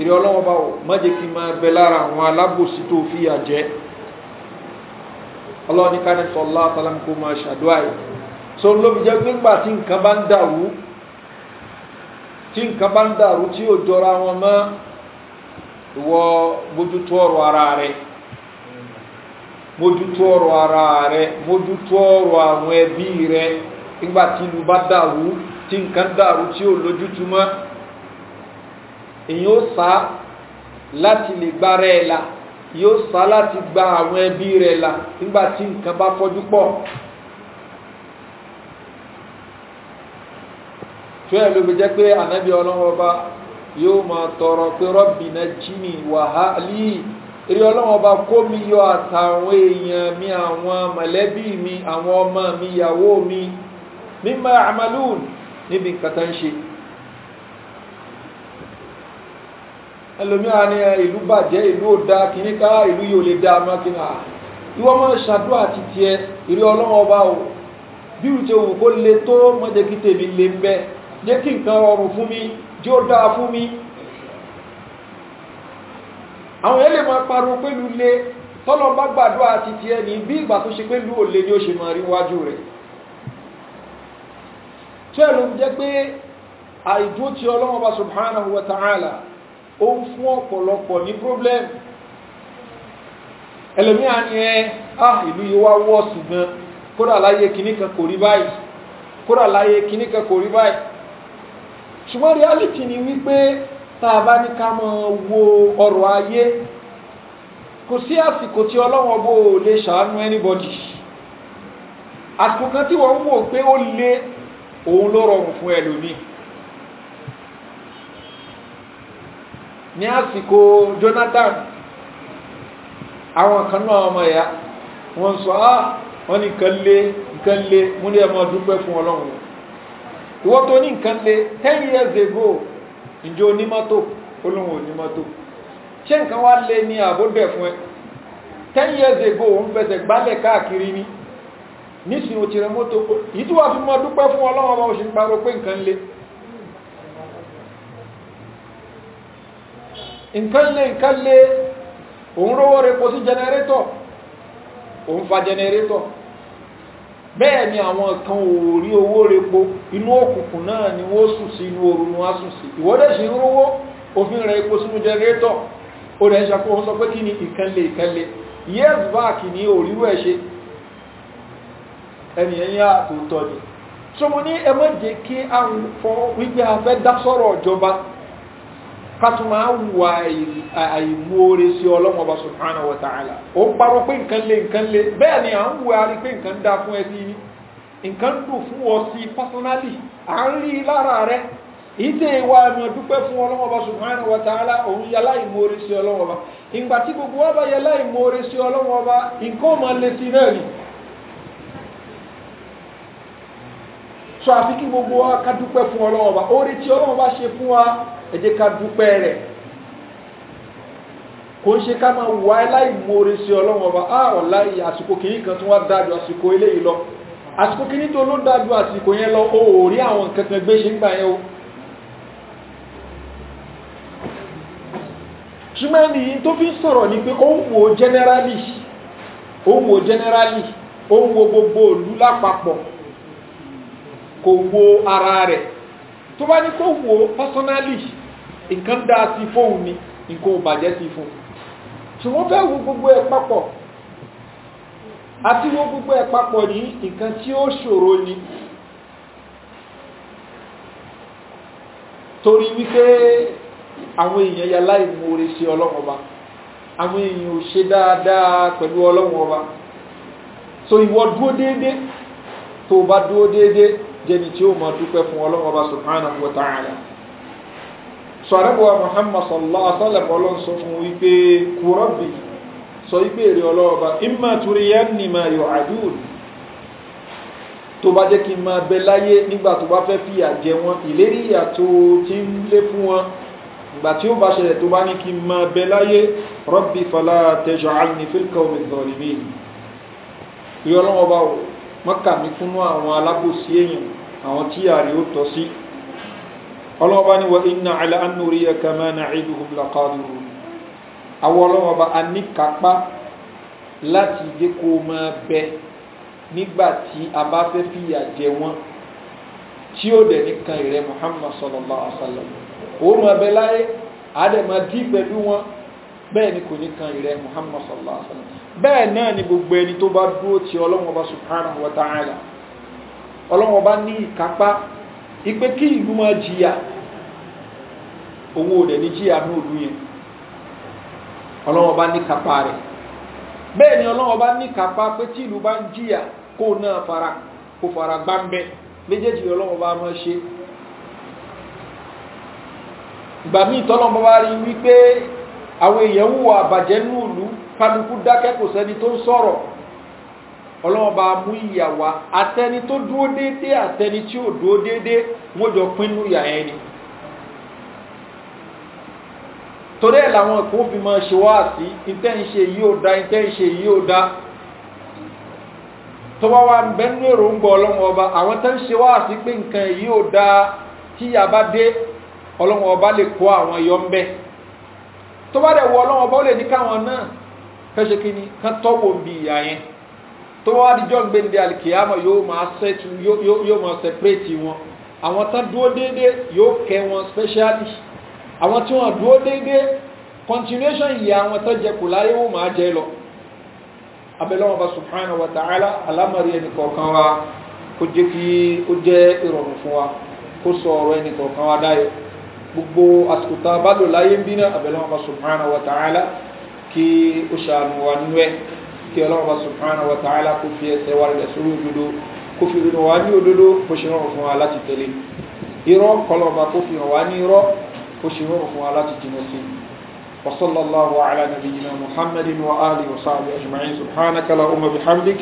ìrẹ́ ọlọ́wọ́ bá mọ́jẹ́ kí máa bẹ lára àwọn alábòsí ọlọ́ni ká ní sọ́lá máa ṣàdúrà yìí so lóbi jẹ́ pé tí nǹkan bá ń dàwú tí nǹkan bá ń dàrú tí yóò jọra wọn mọ́ ìwọ mójútó ọ̀rọ̀ ara rẹ mójútó ọ̀rọ̀ ara rẹ mójútó ọ̀rọ̀ àwọn ẹbí rẹ nígbà tí ìlú bá dàrú tí nǹkan dàrú tí yóò lójútu mọ́ èyí ó sá láti lè gbára ẹ̀ la yóò sá láti gba àwọn ẹbí rẹ̀ la nígbà nǹkan bá fọ́jú pọ̀. tó ẹ̀ ló fi jẹ́ pé ànábì ọlọ́run ọba yóò máa tọrọ pé rọ́bì náà jìnnì wàhálì eré ọlọ́run ọba kó mi yọ àtàwọn èèyàn mi àwọn mọ̀lẹ́bí mi àwọn ọmọ mi ìyàwó mi mímọ àmàlùn níbi nǹkan ń ṣe ẹlòmíà ni ìlú bàjẹ́ ìlú ò dáa ìlú yìí lè dáa mọ́ ah, ìwọ́n máa ṣàdúrà àti tiẹ̀ ìrí ọlọ́run ọba o bí ìrùtẹ̀ kó le tó mọ́jẹ́kítẹ̀ mi lè ń bẹ́ẹ̀ jẹ́ kí nǹkan rọrùn fún mi jí ó dáa fún mi àwọn ẹlẹ́ máa parun pẹ̀lú lé tọ́lọ́n bá gbàdúrà àti ti ẹni bí ìgbà tó ṣe pẹ̀lú òlé ni ó ṣe máa rí wájú rẹ̀ tó ẹ̀rù jẹ́ pé àìdúró ti ọlọ́wọ́n subhanahu wa ta'ala ó ń fún ọ̀pọ̀lọpọ̀ ní problem ẹlòmíà ni ẹ eh, ah ìlú yìí wá wọ́ ṣùgbọ́n kódà láyé kìíní kan kò kódà láyé kìíní kò rí báyìí ṣùgbọ́n reality ni wípé tá a bá ní ká mọ̀ wo ọrọ̀ ayé kò sí àsìkò tí ọlọ́wọ́n bó lè ṣàánú anybody àsìkò kan tí wọ́n ń wò pé ó lé òun ló rọrùn fún ẹlòmíì ní àsìkò Jonathan àwọn kan náà ọmọ ẹ̀yà wọ́n sọ á ah, wọ́n ní kan lé kan lé múlẹ̀ ọmọ dúpẹ́ fún ọlọ́run ìwọ tó ní nǹkan lé ten years ago ìjọ onímọ́tò olóhùn onímọ́tò ṣé nǹkan wá lé ní àbódẹ̀ fún ẹ ten years ago òun fẹsẹ̀ gbálẹ̀ káàkiri ní nísìn ò tirẹ̀ mọ́tò yìí tó wà fi mọ́ dúpẹ́ fún ọlọ́wọ́ bẹ́ẹ̀ ni àwọn kan ò rí owó repo inú òkùnkùn náà ni wọ́n sùn sí inú oru ni wọ́n sùn sí ìwọ́dẹ̀ sí ń rówó òfin rẹ̀ epo sínú jẹrẹ́tọ̀ ó rẹ̀ ṣàkóhun sọ pé kí ni ìkànlẹ̀ ìkànlẹ̀ years back ní òrírú ẹ̀ ṣe ẹni ẹ̀yà kátùmá wù àìmóore sí ọlọ́mọ ọba subhanahu wa ta'ala ó ń parọ́ pé nǹkan lé nǹkan lé bẹ́ẹ̀ ni à ń wù àrí pé nǹkan dá fún ẹ sí nǹkan dùn fún ọ sí personally à ń rí lára rẹ ìdè ìwà ẹ̀mọ̀ dúpẹ́ fún ọlọ́mọ ọba subhanahu wa ta'ala òun yálà ìmóore sí ọlọ́mọ ọba ìgbà tí ẹ jẹ́ ká dúpẹ́ rẹ̀ kò ń ṣe ká máa wà láìmoore sí ọlọ́run ọba á ọ̀la àsìkò kìíní kan tó wá dájú àsìkò eléyìí lọ àsìkò kìíní tó ló dájú àsìkò yẹn lọ o ò rí àwọn nǹkan gbé ṣe ń gbà yẹn o ṣùgbọ́n nìyí tó fi ń sọ̀rọ̀ ni pé ó wo generally ó wo generally ó ń wo gbogbo òlú lápapọ̀ kò wo ara rẹ̀ tó bá ní kó wo personally nǹkan dáa sí fóun ni nǹkan ò bàjẹ́ sí fún ṣùgbọ́n fẹ́ wo gbogbo ẹ̀ papọ̀ àti wo gbogbo ẹ̀ papọ̀ ní nǹkan tí ó ṣòro ni torí wípé àwọn èèyàn ya láì mú oore ṣe ọlọ́run ọba àwọn èèyàn ò ṣe dáadáa pẹ̀lú ọlọ́run ọba so ìwọ dúó déédéé tó o bá dúó déédéé jẹni tí ó máa dúpẹ́ fún ọlọ́run ọba subhanahu wa ta'ala sọ àrẹ́bùwà muhammad sallallahu alaihi wasallam ọlọ́run sọ fún wípé kúrọ́bì sọ wípé èrè ọlọ́ọ̀bá imma turiyanni ma yu'adun tó bá jẹ́ kí n máa bẹ láyé nígbà tó bá fẹ́ fi àjẹ wọn ìlérí ìyà tó ti ń lé fún wọn ìgbà tí ó bá ṣẹlẹ̀ tó bá ní kí n máa bẹ láyé rọ́bì fala taj'alni fil qawmi adh-dhalimin rí ọlọ́wọ́ bá mọ́kà mi fúnnú àwọn alábòsí èèyàn àwọn tíyàrí ó tọ́ sí ọlọ́ọ̀bá ni wọ́n iná àlẹ́ ànúrí ẹ̀ka mẹ́rin àìdùhùn làkàdùrù àwọn ọlọ́ọ̀bá a ní kápá láti jẹ́ kó máa bẹ nígbà tí a bá fẹ́ fìyà jẹ wọ́n tí ó dẹ̀ ní kan ìrẹ́ Muhammad sallallahu alaihi wa sallam ó máa bẹ láyé àdẹ̀mọ́ dí pẹ̀lú wọn bẹ́ẹ̀ ni kò ní kan ìrẹ́ Muhammad sallallahu alaihi wa sallam bẹ́ẹ̀ náà ni gbogbo ẹni tó bá dúró ti ọlọ́wọ́n subhanahu wa ta'ala ọlọ́wọ́n ní ìkápá ikpe ki ilu ji ya owo de ni ji ya na odu ye ọlọrun ọba ni kapa rẹ bẹẹ ni ọlọrun ọba ni kapa pe ti ilu ba ji ya ko na fara ko fara gba nbẹ mejeji ọlọrun ọba ma ṣe gba mi tọ ọlọrun ọba ri wipe àwọn èèyàn wù àbàjẹ́ nù ìlú paluku dákẹ́ kò sẹ́ni ọlọ́wọ́n bá mú ìyà wá àtẹni tó dúró déédé àtẹni tí ò dúró déédé wọ́n jọ pinnu ìyà yẹn ni torí ẹ̀ làwọn kò fi máa ṣe wá sí ìtẹ́ǹṣe yìí ò dá ìtẹ́ǹṣe yìí ò dá tó bá wà bẹ́nu èròǹgbà ọlọ́wọ́n ọba àwọn tẹ́ wá sí pé nǹkan yìí ò dá tí ìyà bá dé ọlọ́wọ́n ọba lè kó àwọn yọ ń bẹ́ tó bá dẹ̀ wọ ọlọ́wọ́n ọba ó lè ní káwọn náà fẹ́ ṣe kí ni kán tọ́wọ́ bí ìyà yẹn tó wá díjọ́ gbèǹde alikiyama yóò máa sẹ́tù yóò máa sẹpẹ́rẹ́tì wọn àwọn tán dúó déédé yóò kẹ wọn specially àwọn tí wọ́n dúó déédé continuation yìí àwọn tán jẹ kù láyé wọ́n máa jẹ lọ abẹ́lọ́wọ́n bá subhanahu wa ta'ala alámọ̀rí ẹnì kọ̀ọ̀kan wa kó jẹ́ kí ó jẹ́ ìrọ̀rùn fún wa kó sọ ọ̀rọ̀ ẹnì kọ̀ọ̀kan wa dáyọ̀ gbogbo àsìkò tá a bá lò láyé ń bínú abẹ́lọ́wọ́n bá subhanahu wa ta'ala kí ó ṣàánú wa nínú ẹ̀ kí ọlọ́run subhanahu wa ta'ala kó fi ẹsẹ̀ wa rẹ̀ sórí òdodo kó fi rìn wá ní òdodo kó ṣe rọrùn fún wa láti tẹ̀lé irọ́ kọlọ́ba kó fi hàn wá ní irọ́ kó ṣe rọrùn fún wa láti jìnà sí وصلى الله على نبينا محمد وآله وصحبه أجمعين سبحانك اللهم بحمدك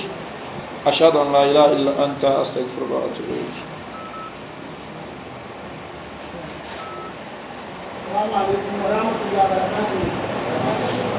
أشهد أن لا إله إلا أنت أستغفرك وأتوب إليك السلام عليكم ورحمة الله